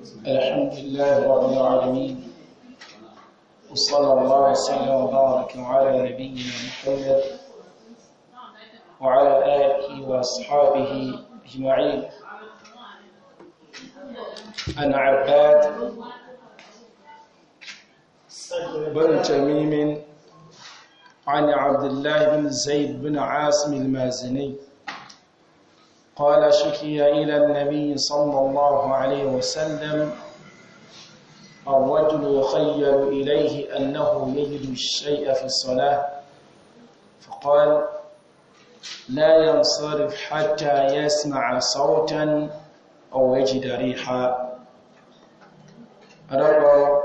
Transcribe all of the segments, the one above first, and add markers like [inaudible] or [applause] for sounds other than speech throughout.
الحمد لله رب العالمين وصلى الله وسلم وبارك على نبينا محمد وعلى آله وأصحابه أجمعين أنا عباد بن تميم عن عبد الله بن زيد بن عاصم المازني قال شكي إلى النبي صلى الله عليه وسلم الرجل يخيل إليه أنه يجد الشيء في الصلاة فقال لا ينصرف حتى يسمع صوتا أو يجد ريحا أدعو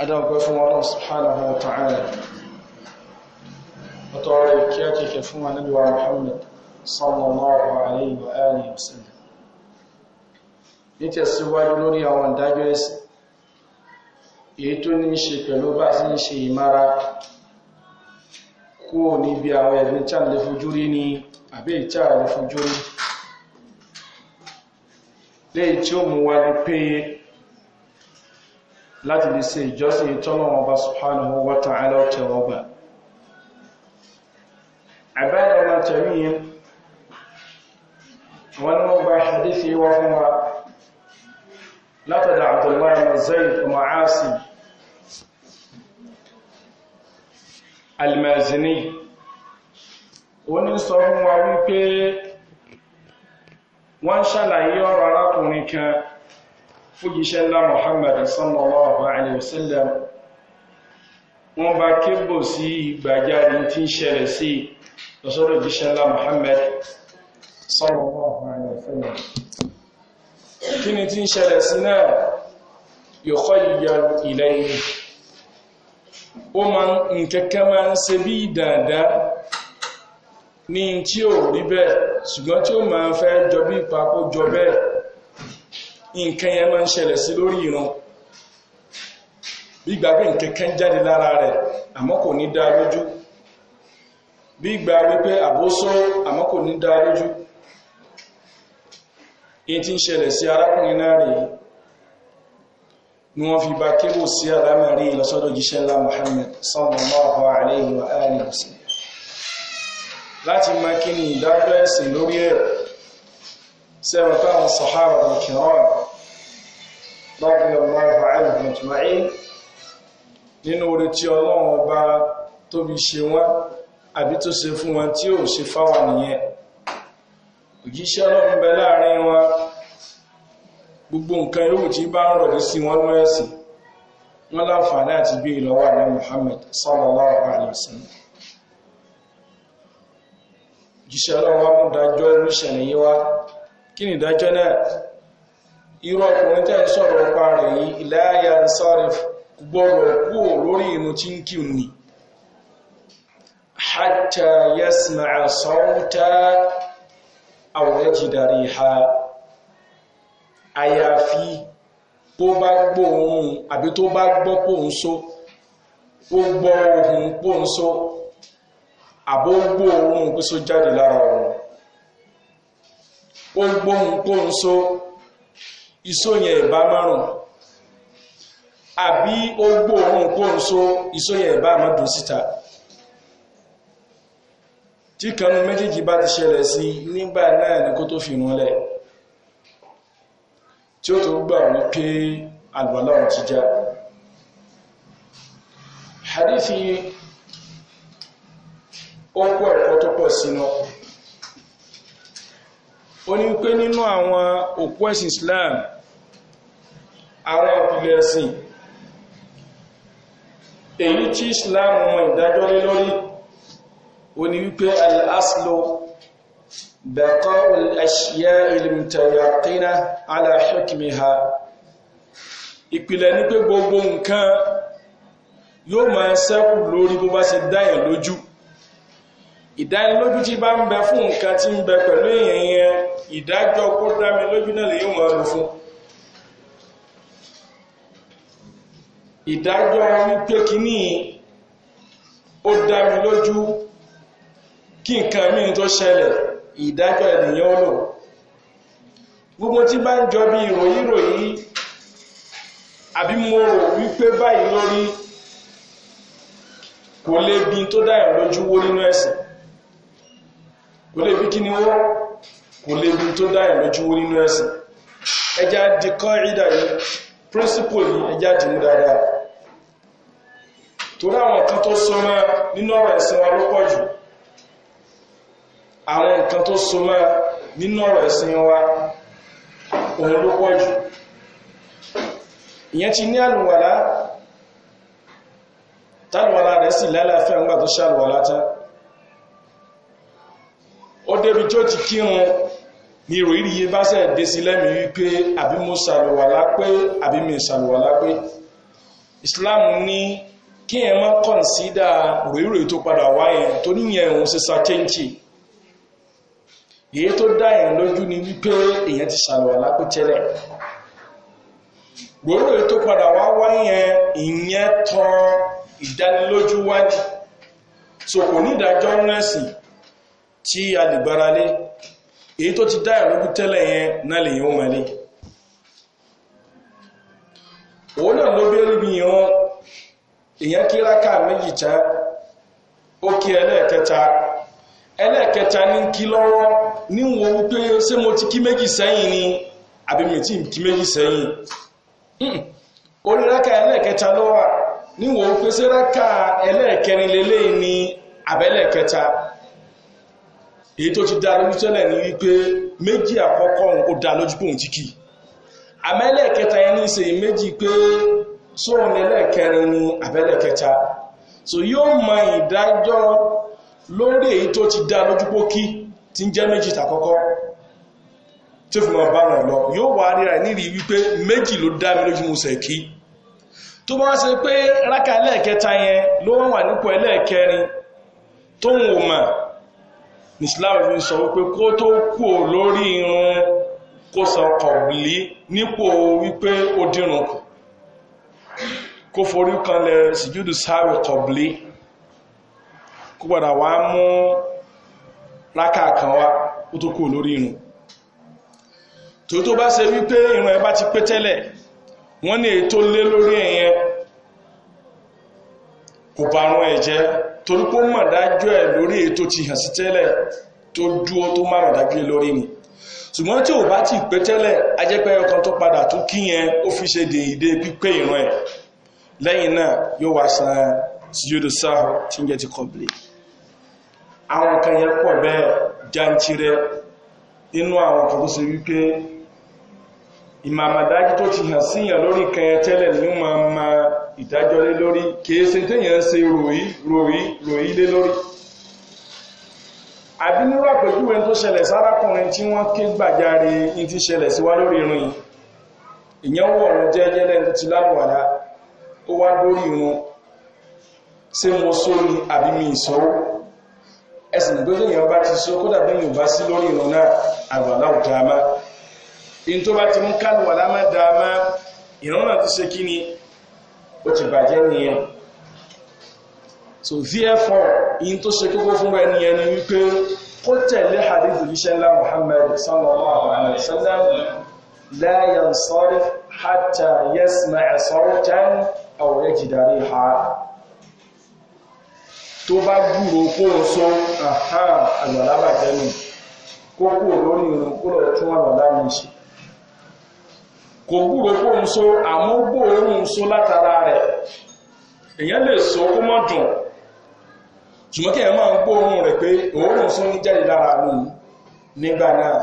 أدعو الله سبحانه وتعالى وتعالى كياتي كفوما نبي محمد صلى الله عليه وآله وسلم nítẹ̀síwájú lórí àwọn ìdájọ́ ẹ̀sìn èyí tó ní ṣe pẹ̀lú bá sí ń ṣe ìmára kúrò níbi àwọn ẹ̀gbin tí a lè fojú rí ní àbí ìtí a lè fojú rí léyìí tí ó mú wá láti lè ṣe ìjọsìn ìtọ́nà ọba subhanahu wa ta'ala tẹ̀wọ́gbà àbáyọ̀ máa tẹ̀mí wani gba hadithi wa kuma latada abdullahi bin zaid kuma asi almazini wani sọ fún wa wípé wọ́n ṣàlàyé ọ̀rọ̀ arákùnrin kan fújíṣẹ́ ńlá muhammad sallallahu alaihi wasallam wọ́n bá kébò sí ìgbàjáre tí ń ṣẹlẹ̀ sí lọ́sọ́rọ̀ jíṣẹ́ ńlá muhammad sallallahu alaihi wasallam kí ni tí ń ṣẹlẹ̀ sí náà yukhayyal ilayhi ó ma nkẹ́kẹ́ ma ń ṣe bí dàda ní tí ò rí bẹ́ẹ̀ ṣùgbọ́n tí ó ma ń fẹ́ jọ bí ìpapò jọ bẹ́ẹ̀ nǹkan bí ìgbà wípé àbóso àmọ́ ní dá lójú èyí tí ń ṣẹlẹ̀ sí arákùnrin náà rèé ni wọ́n fi bá kébù sí alámẹ̀rí ìlọsọ́dọ̀ jíṣẹ́ ńlá Muhammad sallallahu alaihi wa alihi wasallam láti mọ kí ni ìdájọ́ ẹ̀sìn lórí ẹ̀rọ sẹ́wọ̀n táwọn sàhábà kìrọ́ọ̀ radiyallahu nínú orí tí ọlọ́run ọba tóbi ṣe wọ́n àbí tó ṣe fún wọn tí ò ṣe fáwọn nìyẹn òjíṣẹ́ ọlọ́run bẹ láàrin gbogbo nǹkan yóò tí bá ń rọ̀lú sí wọn ló ẹ̀sìn wọn láǹfààní àti bí e Muhammad sallallahu alaihi ọkùnrin tẹ́ sọ̀rọ̀ ọpa rẹ̀ yìí ìláyà ń gbọ́rọ̀ lórí inú tí ń kí aw yajida ha àyàfi tó bá gbóhùn àbí tó bá gbọ́ pòun so ó gbọ́ ohùn pòun so àbó gbóhùn pé so jáde lára ọ̀run ó gbóhùn pòun so iṣó yẹn ìbá márùn àbí ó gbóhùn pòun so iṣó yẹn ìbá mọ́dún síta tí kanú méjèèjì bá ti ṣẹlẹ̀ sí nígbà náà ní kó tó fi rúnlẹ̀ tí ó tó gbà wípé àlùwàlá ọ̀hún ti já hadithi ó ẹ̀kọ́ tó pọ̀ sínú ó ní pé nínú àwọn òkú ẹ̀sìn Islam àwọn ìpìlẹ̀ ẹ̀sìn èyí tí Islam mọ ìdájọ́ lé lórí ó ní wípé al-aslu baqa'u al-ashya'i al-mutayaqina ala hukmiha ìpìlẹ̀ ní pé gbogbo nǹkan yóò máa ṣẹ́kù lórí bó bá ṣe dáyàn lójú ìdánilójú tí bá ń bẹ fún nǹkan tí ń bẹ pẹ̀lú èèyàn ìdájọ́ kó dá lójú náà lè yóò máa fún ìdájọ́ wípé kíní ó dá lójú kí nǹkan míì tó ṣẹlẹ̀ ìdájọ́ ènìyàn lò gbogbo tí bá ń jọ bí ìròyìn ìròyìn àbí mo rò wípé báyìí lórí kò lè bí tó dáyà lójú wó nínú ẹ̀sìn kò lè bí kí ni wó kò lè bí tó dáyà lójú nínú ẹ̀sìn ẹjá di kọ́ ìdà yìí principle yìí ẹjá di mú dáadáa torí àwọn kan tó sọmọ nínú ọ̀rọ̀ ẹ̀sìn wa ló pọ̀ jù àwọn nǹkan tó so mọ́ nínú ọ̀rọ̀ ẹ̀sìn wa òun ló pọ̀ jù ìyẹn ti ní àlùwàlá tàlùwàlá rẹ̀ sì lálàáfíà ńgbà tó ṣàlùwàlá tá ó débi tó ti kírun ní ìrò ìrìyé bá sẹ̀ dé sí lẹ́mìí wípé àbí mo ṣàlùwàlá pé àbí mi ṣàlùwàlá pé Islam ní kí ẹ má kọ̀nsídà ròyìnròyìn tó padà wáyẹn tó níyẹn òun ṣe sa chéńchì èyí tó dá èèyàn lójú ni wípé èèyàn ti ṣàlùwàlá pé tẹ́lẹ̀ gbòòrò èyí tó padà wá wáyé yẹn ìyẹn tán ìdánilójú wájú so kò ní ìdájọ́ nẹ́sìn tí a lè gbára lé èyí tó ti dá èèyàn lójú tẹ́lẹ̀ yẹn náà lè yẹn ó máa lé òun náà ló bẹ́ẹ̀ bí yẹn èèyàn kí rákà méjì tán ó kí ẹlẹ́ẹ̀kẹta ẹlẹ́ẹ̀kẹta ní kí lọ́wọ́ níwọ̀n wípé ṣé mo ti kí méjì sẹ́yìn ni àbí kí méjì sẹ́yìn orílẹ̀ hmm. rákà ẹlẹ́ẹ̀kẹta ló níwọ̀n wípé ṣé rákà ẹlẹ́ẹ̀kẹrin àbẹ́lẹ̀kẹta èyí tó ti dá lójú tẹ́lẹ̀ wípé méjì àkọ́kọ́ dá lójú pòun ti kì í àmẹ́lẹ̀kẹta yẹn ní ṣe méjì pé sóhun ẹlẹ́ẹ̀kẹrin àbẹ́lẹ̀kẹta so yóò mọ ìdájọ́ lórí èyí tó ti dá lójúpó kí tí ń jẹ́ méjì tàkọ́kọ́ tí ó fi máa bá wọn lọ yóò wá ríra nírí wípé méjì ló dá mi lójú musẹ̀ kí tó bá ṣe pé rákà ẹlẹ́ẹ̀kẹta yẹn ló wọ́n wà nípò ẹlẹ́ẹ̀kẹrin tóun ò mà ní Islam fi sọ wípé kó tó kú lórí irun kó sọ kọ̀bìlì nípò wípé ó dírun kù kó forí kanlẹ̀ síjúdù sáré kọ̀bìlì kó padà wá mú rákà kan wá ó tó kú lórí irun tó tó bá ṣe wípé irun ẹ bá ti pé tẹ́lẹ̀ wọ́n ní ètò lé lórí ẹ̀yẹn kò bàrún ẹ̀ jẹ́ mọ̀ dájú ẹ̀ lórí ètò ti hàn sí tẹ́lẹ̀ tó dúó tó márùn dájú lórí ni ṣùgbọ́n tí ò bá ti pé tẹ́lẹ̀ ajẹ́pẹ́ ọkàn tó padà tó kí yẹn ó fi ṣe dèédé pípé ìran ẹ̀ lẹ́yìn náà yóò wá san sùjúdù sáhù tí ń jẹ́ ti kọ̀blì àwọn kan yẹ pọ̀ bẹ́ẹ̀ jantirẹ inú àwọn kan tó ṣe wípé ìmàmàdájú tó ti hàn síyàn lórí kan tẹ́lẹ̀ ní ma ma ìdájọ́ lé lórí kèése téèyàn ṣe ròyí ròyí ròyí lé lórí àbínúrò àpèjúwe tó ṣẹlẹ̀ sárákùnrin tí wọ́n ké gbàjáre ní ti ṣẹlẹ̀ síwá lórí irun yìí ìyẹn wọ̀ ọ̀run jẹ́jẹ́ lẹ́nu ti lálùwàlá ó lórí irun ṣé mo só ni àbí mi ìsanwó ẹsìn ìgbésẹ èèyàn bá ti sọ kódà bí èèyàn bá sí lórí ìran náà àlùwàlá ò dáa má in tó bá ti mú kálùwàlá má dáa má ìran náà ti ṣe kí ni ó ti bàjẹ́ nìyẹn so therefore in tó ṣe kókó fún ẹni ẹni wípé kó tẹ̀lé hadith ìṣẹ́lá Muhammad sallallahu alaihi wa sallam la yansarif hatta yasma' sawtan aw yajida riha tó bá gbúrò kó o sán àhá àlọ́lá bàjẹ́ nù kó kúrò lórí irun kó lọ tún àlọ́lá mi ṣe kò gbúrò kó ń so àmọ́ gbòòrùn so látara rẹ̀ èèyàn lè so kó mọ́ dùn ṣùgbọ́n kí ẹ máa ń gbòòrùn rẹ̀ pé òórùn so ní jáde lára mi nígbà náà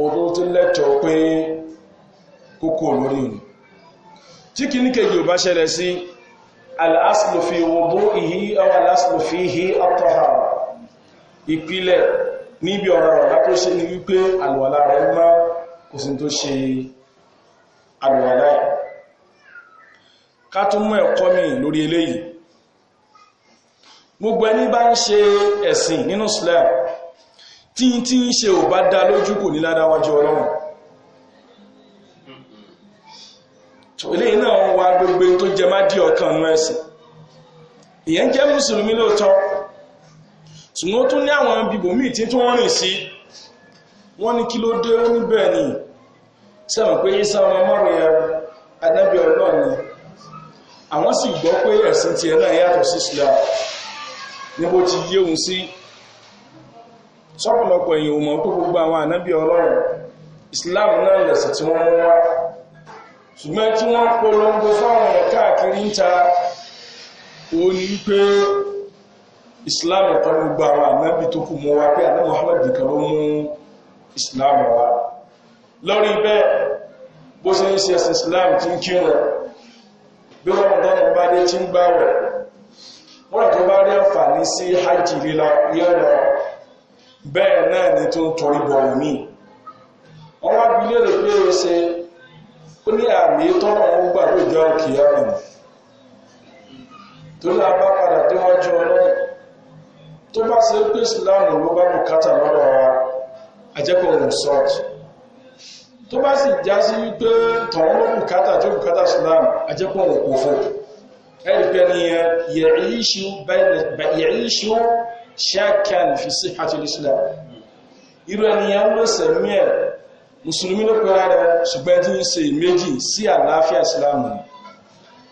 òórùn tó lẹ́tọ̀ọ́ pé kókó lórí òní tí kìíní kejì ò bá ṣẹlẹ̀ sí al-aslu fi wudu'ihi aw al-aslu fihi at-tahara ìpìlẹ̀ níbi ọ̀rọ̀ ọ̀dá tó ṣe ní wípé àlùwàlá rẹ̀ má kò sí tó ṣe àlùwàlá ẹ̀ ká tún mú ẹ̀kọ́ mi lórí eléyìí gbogbo ẹni bá ń ṣe ẹ̀sìn nínú Islam tí tí ń ṣe ò bá dá lójú kò ní ládáwájú Ọlọ́run eléyìí náà ń wá gbogbo tó jẹ má dí ọkàn nú ẹ̀sìn ìyẹn jẹ́ mùsùlùmí lóòótọ́ ṣùgbọ́n ó tún ní àwọn ibòmíì tí tó ń rìn sí wọ́n ní kí ló dé ó níbẹ̀ ni sẹ́wọ̀n pé yíṣẹ́ ọmọ mọ́rin ẹ adábẹ́ ọlọ́run ni àwọn sì gbọ́ pé ẹ̀sìn tiẹ̀ náà yàtọ̀ sí Islam ní bó ti yé òun sí sọ́pọ̀lọpọ̀ èèyàn ò mọ̀ pé gbogbo àwọn ànábì ọlọ́run Islam náà lẹ̀sìn tí wọ́n mú wá ṣùgbọ́n tí wọ́n polongo fáwọn ẹ̀ káàkiri ń ta òun ni islam ẹ̀kọ́ ní gbogbo àwọn ànábì tó kù mọ́ wa pé àná muhammad nìkan ló mú islam wa lórí bẹ́ẹ̀ bó ṣe ń ṣe islam ti ń kírun bí wọ́n mọ̀ tọ́nà bá dé tí ń gbà wẹ̀ wọ́n tó bá rí àǹfààní sí hajj líla yọ̀nà bẹ́ẹ̀ náà ni tó ń torí bọ̀ mí wọ́n wá bi léèrè pé ṣe torí àmì tọ́lọ̀ ń gbà ló jẹ́ òkìyà rẹ̀ torí a bá padà déwájú ọlọ́run tó bá ṣe pé ìsìláàmù ló bá bùkátà lọ́rọ̀ wa ajẹ́kọ̀ọ́ rìsọ́ọ̀tì tó bá sì já sí wípé tọ̀hún ló bùkátà tó bùkátà ìsìláàmù ajẹ́kọ̀ọ́ òkòfò ẹ̀rì pé ni yẹ̀ríṣu ṣáàkàn fi sí àti ìsìláàmù irú ẹniyàn ló sẹ̀mí ẹ̀ musulumi ló pẹ́ra rẹ̀ ṣùgbọ́n tí ń ṣe méjì sí àlàáfíà ìsìláàmù ni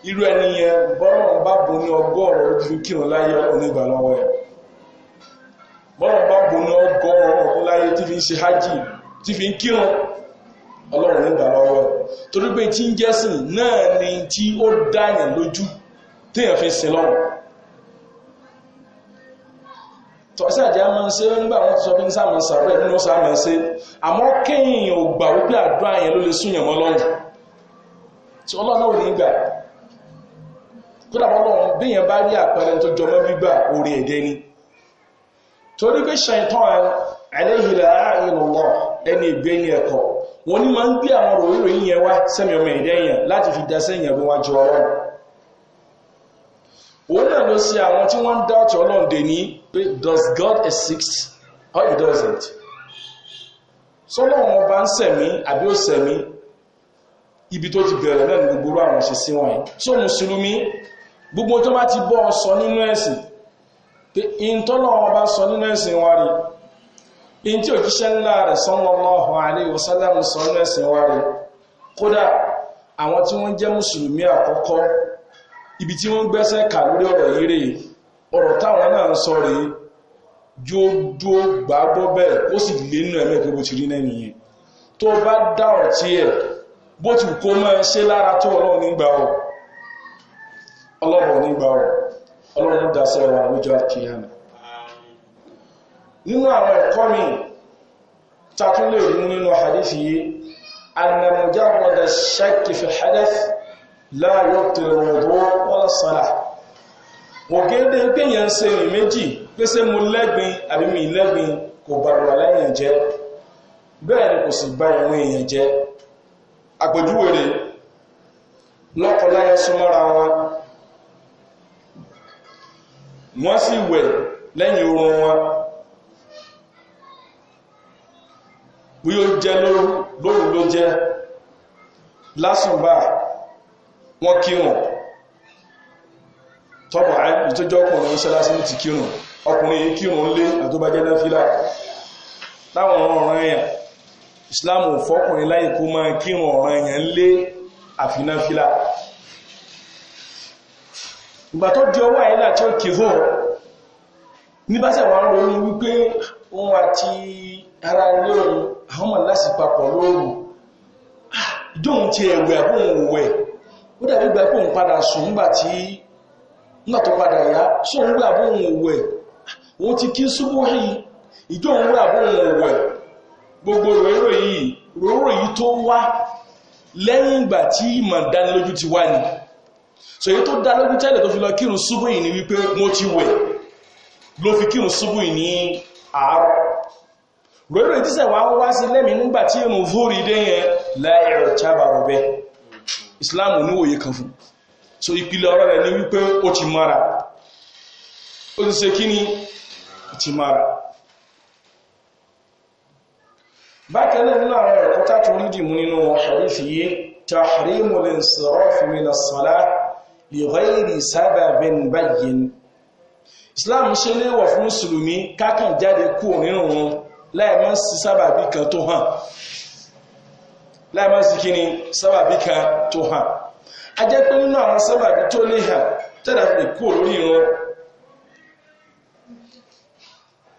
irú ẹni yẹn bọ́rọ̀ ń bá bo ní ọgọ́rùn ojú kírun láyé ẹ̀ ń bá fi ń ṣe hajj tí fi ń kírun ọlọ́run ẹ̀ torí pé tí ń ni tí ó dáyàn lójú téèyàn fi ń tọ́sí àjẹ́ a máa ń nígbà wọn ti sọ ń sáà máa ń nínú àmọ́ ò gbà wípé ló lè súnyàn mọ́ lọ́rùn tí ọlọ́run náà ò gbà bí yẹn bá rí àpẹẹrẹ tó torí pé ṣàìtàn ẹni ìgbé ní ẹ̀kọ́ wọn ni máa ń gbé àwọn yìnyẹn wá sẹ́mi ọmọ ẹ̀dẹ́ yẹn láti fi sẹ́yìn does God exist or he doesn't sọlọ́wọ́n ọba ń sẹ̀mí àbí ó sẹ̀mí ibi tó ti bẹ̀rẹ̀ náà ní gbogbo àwọn òṣìṣí wọn yìí so mùsùlùmí gbogbo tó bá ti bọ́ ọ sọ nínú ẹ̀sìn pé ìntọ́lọ́wọ́n ọba sọ nínú ẹ̀sìn wa rí in tí òjíṣẹ́ ńlá rẹ̀ sallallahu alaihi wasallam sọ nínú ẹ̀sìn wa rí kódà àwọn tí wọ́n jẹ́ mùsùlùmí àkọ́kọ́ ibi tí wọ́n gbẹ́sẹ̀ kà lórí ọ̀rọ̀ yìí rèé ọ̀rọ̀ táwọn náà ń sọ rèé jó dúó gbà gbọ́ bẹ́ẹ̀ ó sì lé nínú ẹ̀mí pé bó ti rí náà nìyẹn tó bá dá ọ̀tí ẹ̀ bó ti kó máa ṣe lára tó ọlọ́run nígbà ọ̀ ọlọ́run nígbà ọ̀ ọlọ́run dasẹ̀ wa lójọ́ àkíyàmì nínú àwọn ẹ̀kọ́ mi tàtún lè mú nínú hadithi yìí annamujarrada shakki fi hadath la yubtil wudu wala ògédé péyàn ṣe rìn méjì pé ṣé mo lẹ́gbin àbí mi lẹ́gbin kò bàrọ̀ aláyàn jẹ́ bẹ́ẹ̀ ni kò sì bá ìrún èèyàn jẹ́ àpèjúwe rẹ̀ lọ́kọláya súnmọ́ra wọn wọ́n sì wẹ̀ lẹ́yìn oorun wọn bí ó jẹ́ lóru ló jẹ́ lásùnbà wọ́n kírun tọ́pọ̀ àìjọjọ́ ọkùnrin mọ́ṣáláṣí ló ti kírun ọkùnrin kírun lé àtúbájẹ́ náfílà láwọn ọ̀ràn èèyàn islam ò fọ́kùnrin láyè kó máa kírun ọ̀ràn èèyàn lé àfináfílà ìgbà tó di ọwọ́ àyílà tí ó kìfò níbáṣẹ̀ wà ń ronú wípé òun àti ara ilé òun àwọn ọmọ láti papọ̀ lóòrùn ah, ìjọ òun ti ẹ̀wẹ̀ àbóhùn òwẹ̀ ó dàbí gbà pé òun padà sùn nígbà tí nígbà tó padà yá ṣé òun wẹ̀ àbóhùn òwẹ̀ òun ti kí súbúhì ìjọ òun wẹ̀ àbóhùn òwẹ̀ gbogbo ròyìnrò yìí ròyìnrò yìí tó wá lẹ́yìn ìgbà tí ìmọ̀ dánilójú ti wá ni sòyí tó dá lójú tẹ́lẹ̀ tó fi lọ kírun súbú yìí ni wípé mo ti wẹ̀ ló fi kírun súbú yìí ní àárọ̀ ròyìnrò yìí tíṣẹ̀ wá wá sí lẹ́mìí nígbà tí ìrùn vórí dé yẹn láì so ìpìlẹ̀ ọ̀rọ̀ rẹ̀ ni wípé ó ti mara ó ti ṣe kí ni ó ti mara bákanáà nínú àwọn ẹ̀kọ́ tàbí orídìmú nínú hadithi yìí tahrimu al-insiraf wọn láìmọ́ sí láìmọ́ sí kí ni sábàbí kan tó hàn a jẹ́ pé nínú àwọn sábàbí tó lè hà tẹ́lá fi kú lórí ìran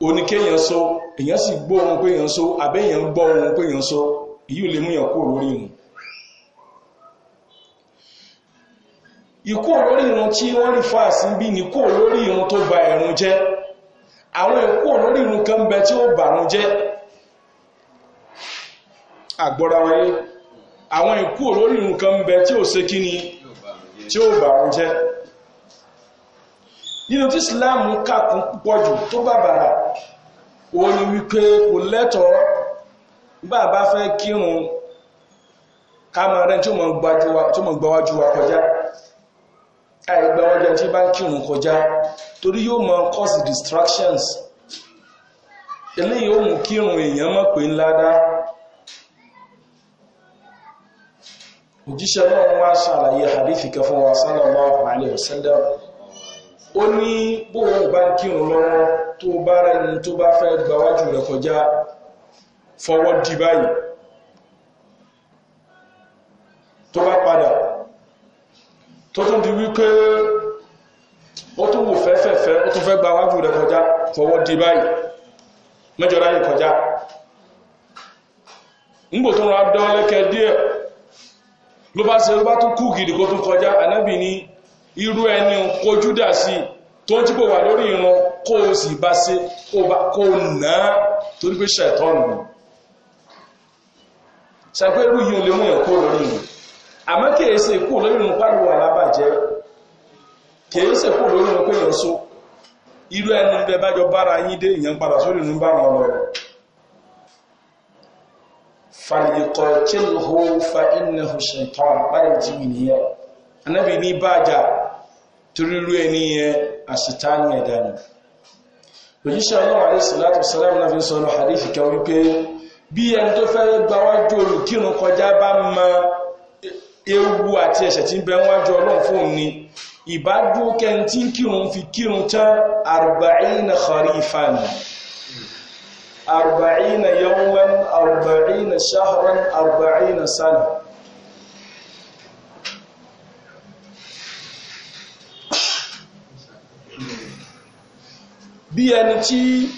oníkéèyàn sọ èèyàn sì gbọ́ ohun pé èèyàn sọ àbẹ́yàn gbọ́ ohun pé èèyàn sọ èyí ò lè mú kú lórí ikú lórí ìran tí wọ́n rí fáàsì bí ní ba àwọn ikú àwọn ìkú olórí nǹkan ń bẹ tí ó ṣe kí ni tí ó bà ń jẹ́ nínú tí Islam kàkún púpọ̀ jù tó bàbàrà òun ni wípé kò lẹ́tọ̀ọ́ bá a bá fẹ́ kírun ká máa rẹ́ tí ó mọ̀ gbáwájú wa kọjá àìgbàwájú tí bá ń kírun kọjá torí yóò mọ cause distractions eléyìí ó mú kírun èèyàn mọ̀ pé ńlá dáa òjíṣẹ́ náà wá ṣàlàyé hadithi kan fún wa sallallahu alaihi wasallam ó ní bóun bá ń kírun lọ́wọ́ tó bá rẹni tó bá fẹ́ gbáwájú rẹ̀ kọjá fọwọ́ di báyìí tó bá padà tó tún di wípé ó tún wò fẹ́fẹ́fẹ́ ó tún fẹ́ gbáwájú rẹ̀ kọjá fọwọ́ di báyìí mẹ́jọ ráyè kọjá ńgbò tó rán adọ́lẹ́kẹ́ díẹ̀ ló bá ṣe ló bá gidi kó tún kọjá ànábì ní irú ẹni kojú dà sí tó ń tí wà lórí ìran kó o sì bá ṣe kó o nà á torí pé ṣàìtọ́nù ni ṣàpẹ́rú yìí ò lè mú ẹ̀kọ́ lórí ìrìn àmọ́ kìí ṣe kú lórí ìrìn ṣe kú lórí pé so irú ẹni bẹ bájọ bára yín dé padà falyuqatilhu fa innahu shaitan báyìí tí mi nìyẹn anábì ní báàjà tururu ẹni yẹn àṣetánì ẹ̀dá ni òjíṣẹ́ ọlọ́run alayhi salatu wasalam náà fi sọ ọ́nà hadith kan wípé bí ẹni tó fẹ́ gba wájú olùkírun kọjá bá mọ ewu àti ẹ̀ṣẹ̀ tí ń bẹ wájú ọlọ́run fóun ni ìbádúró kẹ́ni kírun fi kírun tán arba'ina kharifan nìyẹn أربعين يوما أربعين شهرا أربعين سنة bí ẹni tí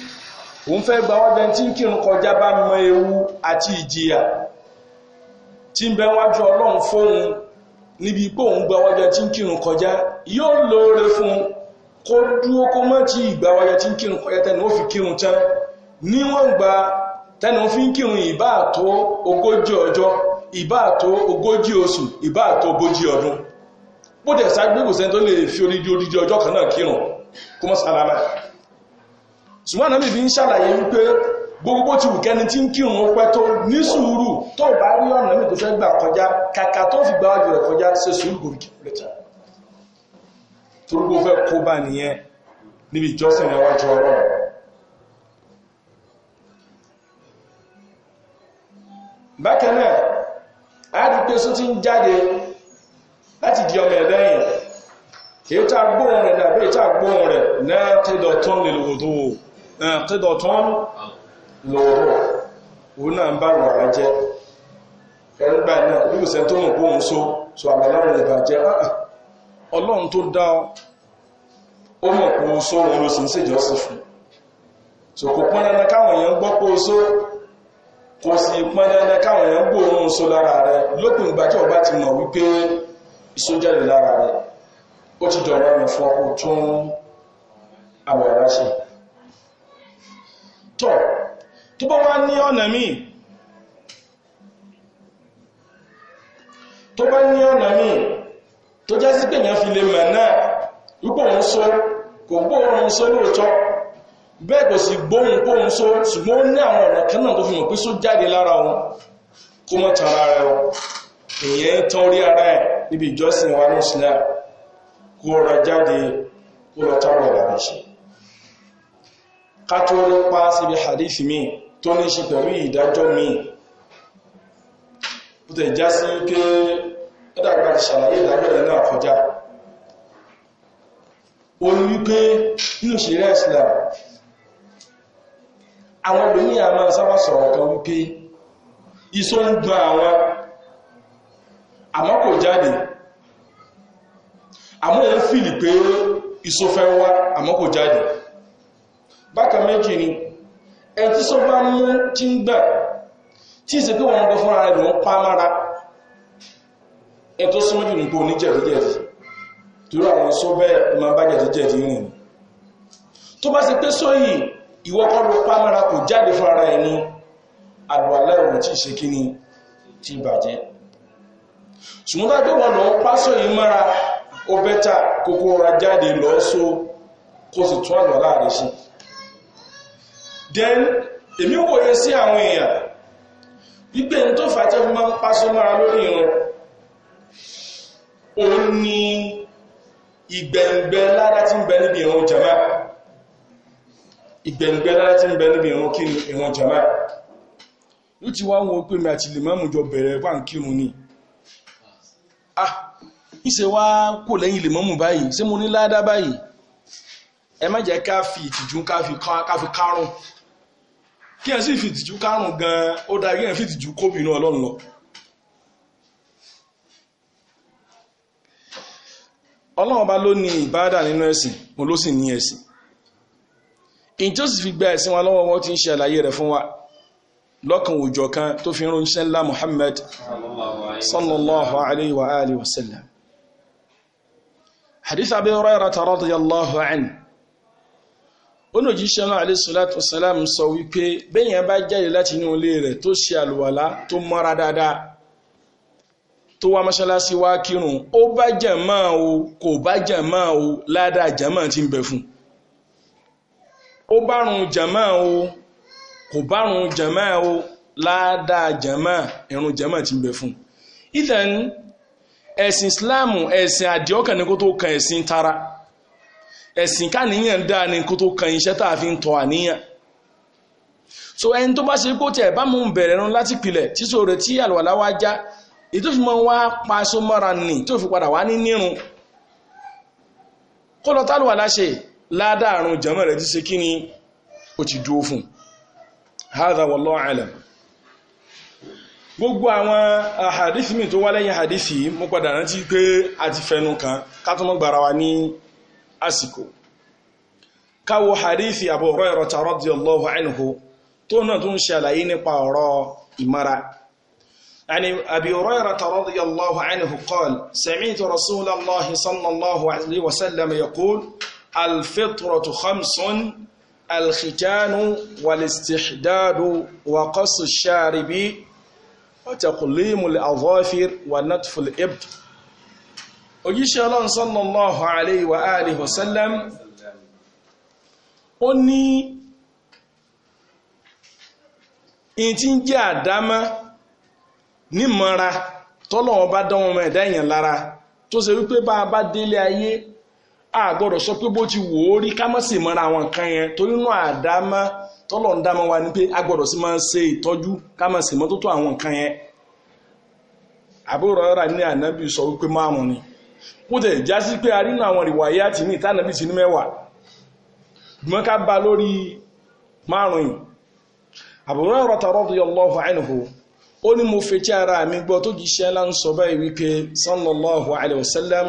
òun fẹ́ gba wọ́n tí ń kírun kọjá bá mọ ewu àti ìjìyà tí ń bẹ wájú ọlọ́run fóun níbi pé òun gba wọ́n tí ń kírun kọjá yóò lóore fún kó dúó kó mọ́ tí ìgbà tí ń níwọ̀n gbà tẹnu fi ń kírun ìbá àtó ogójì ọjọ́ ìbá àtó ogójì oṣù ìbá àtó ogójì ọdún bó dẹ̀ ságbégbò sẹ́ni tó lè fi odidi odidi ọjọ́ kan náà kírun kó mọ́ sálára ṣùgbọ́n àná bíbí ń ṣàlàyé wípé gbogbo ti wù kẹ́ni tí ń kírun ọpẹ́ tó ní sùúrù tó bá rí ọ̀nà mi tó fẹ́ gbà kọjá kàkà tó fi gbà wájú rẹ̀ kọjá ṣe sùúrù gòrí kí lẹ́tà torí gbogbo fẹ́ kó bá nìyẹn níbi ìjọsìn ẹwájú ọlọ́run bákan náà a rí pé sún ti ń jáde láti di ọmọ ẹ̀dá yìí kìí tá gbóhùn rẹ̀ dàbí ìta gbóhùn rẹ̀ náà kédọ̀ tán lè lòdó kédọ̀ tán lòdó òun náà ń bá rọ̀ jẹ́ ẹ̀rùgbà náà lúùsẹ̀ tó mọ̀ gbóhùn so so àbàláwọn rẹ̀ bàjẹ́ ah, ọlọ́run tó dá ó mọ̀ kó so òun ló sì ń ṣèjọ́sìn fún so kò pọ́n dandan káwọn èèyàn gbọ́ kó so kò sì pọn dandan káwọn èèyàn gbóòórùn so lára rẹ lópin ìgbà tí o bá ti mọ̀ wípé iṣó jáde lára rẹ ó ti dọ̀rọ̀ rẹ̀ fún ọkọ̀ tún àwọ̀ ẹ̀rá ṣe tọ́ tó bá wá ní ọ̀nà míì tó bá ní ọ̀nà míì tó já sí pé fi lè mọ̀ náà wípé òun so kò gbóòórùn so lóòótọ́ bẹ́ẹ̀ kò sì gbóhùn kóhùn só ṣùgbọ́n ó ní àwọn ọ̀rọ̀ kan náà tó fi mọ̀ pé só jáde lára wọn kó mọ́ tan ara rẹ̀ wọn ìyẹn tán orí ara ẹ̀ níbi ìjọsìn wa ní Islam kó ọ̀rọ̀ jáde kó lọ tán ọ̀rọ̀ làbí ṣe ká rí pa síbi hadith mi tó ní ṣe pẹ̀lú ìdájọ́ mi bó tẹ̀ já sí pé ó dàgbà ti ṣàlàyé ìdájọ́ náà kọjá ó ní wípé nínú ìṣẹ̀lẹ̀ Islam àwọn obìnrin yà máa sábà sọ̀rọ̀ kan wípé iṣó ń dùn àwọn àmọ́ kò jáde àmọ́ èyí fìlì pé iṣó fẹ́ wá àmọ́ jáde bákan méjì ni ẹni tí sọ bá mú tí ń gbà tí ìsẹ́ pé wọ́n gbọ́ fúnra rẹ̀ ló pa mára ẹni tó súnmọ́ oníjẹ̀díjẹ̀dì torí àwọn sọ bẹ́ẹ̀ máa bá jẹ̀díjẹ̀dì rìn tó bá ṣe pé sọ yìí ìwọ kọ́ ló pàmọ́ra kò jáde fún ara ẹni àlùwàlá ìwọ̀n tí ìṣe kí ni ti bàjẹ́ ṣùgbọ́n tá a gbé wọn yìí mọ́ra ó bẹ́tà kókó ra jáde lọ so kó sì tún àlùwàlá rẹ̀ ṣe then èmi wòye sí àwọn èèyàn gbígbé ní tó fàájẹ́ fún máa ń pásọ mọ́ra lórí ìran òun ni ìgbẹ̀ǹgbẹ̀ ládá tí ń bẹ níbi ìran jama ìgbẹ̀lùgbẹ̀lá tí ń bẹ níbi ìran kí ìran jama ló ti wá wọn pé mi àti lè mọ́mù jọ bẹ̀rẹ̀ wà ń kírun ni ah ìṣe wá kò lẹ́yìn lè mọ́mù báyìí ṣé mo ní ládá báyìí ẹ má jẹ́ ká fi ìtìjú ká fi kárùn kí ẹ sì fi ìtìjú kárùn gan ó dáa kí ẹ fi ìtìjú kóbìnrin ọlọ́run lọ ọlọ́run bá ló ní ìbádà nínú ẹ̀sìn mo ló sì ní ẹ̀sìn in tó sì fi gba ẹ̀sìn wa lọ́wọ́ wọn ti ń ṣe àlàyé rẹ̀ fún wa lọ́kàn òjọ̀ kan tó fi ránṣẹ́ ńlá Muhammad sallallahu alayhi wa alihi wa sallam hadith Abi Hurairah radiyallahu anhu olójíṣẹ́ náà aléṣọ́látò sálàmù sọ wípé bẹ́yàn bá jáde láti inú ilé rẹ̀ tó ṣe àlùwàlá tó mọ́ra dáadáa tó wá mọ́ṣáláṣí wá kírun ó bá jàmáà o kò bá jàmáà o ládàá jàmáà ti ń bẹ fún un ó bárun jàmá o kò bárun jàmá o ládàá jàmá ẹ̀rùn jàmá ti ń bẹ fún un. ethan ẹ̀sìn islam ẹ̀sìn àdìọ́kàn ní kó tó kan ẹ̀sìn tara ẹ̀sìn káníyàn dáa ní kó tó kan iṣẹ́ tá a fi ń tọ́ àníyàn so ẹni tó bá ṣe kó tẹ̀ bá mú un bẹ̀rẹ̀ run láti pilẹ̀ tíṣó rẹ̀ tí àlùwàlá wá já èyí wá pa sómọ́ra nì tó fi padà wá ní nírun kó lọ tálùwàlá ṣe ládàárùn jama rẹ̀ ti ṣe kí ni ó ti dúó fún hadha wallahu alam gbogbo àwọn ah, hadith mi tó wá lẹ́yìn hadith yìí mo padà rántí pé a ti fẹnu kan ká tó mọ́ gbara wa ní àsìkò káwo hadith Abu Hurayrah radiyallahu anhu tó náà tó ń ṣàlàyé nípa ọ̀rọ̀ ìmara عن أبي هريرة رضي الله عنه قال سمعت رسول الله صلى الله عليه وسلم يقول alfitratu khamsun alkhitanu walistihdadu wa qasu sharibi wa taqlimu al-adhafir wa natfu al-ibd òjíṣẹ́ Ọlọ́run sallallahu alayhi wa alihi wa sallam ó ní in tí ń jẹ́ àdámá nímọ̀ra tọ́lọ́wọ́n bá dánwọ́n mẹ́ẹ̀dá èèyàn lára tó ṣe wípé bá a gbọ́dọ̀ sọ pé bó ti wò ó rí ká má sì mọ́ra àwọn nǹkan yẹn torí inú àdámọ́ tọ́lọ̀ ń dámọ́ wa ni pé a gbọ́dọ̀ sì máa ṣe ìtọ́jú ká má sì mọ́tótó àwọn nǹkan yẹn àbúrò ọ̀rà ní ànábì sọ wípé márùn ni bó tẹ̀ já sí pé a rí inú àwọn ìwàyé àti ní ìtànàbì sí ní mẹ́wàá ṣùgbọ́n ká ba lórí márùn yìí àbúrò ọ̀rọ̀ tààrọ̀ radiyallahu anhu ó ní mo fetí ara mi gbọ́ tó jíṣẹ́ ńlá ń sọ báyìí wípé sallallahu alayhi wa sallam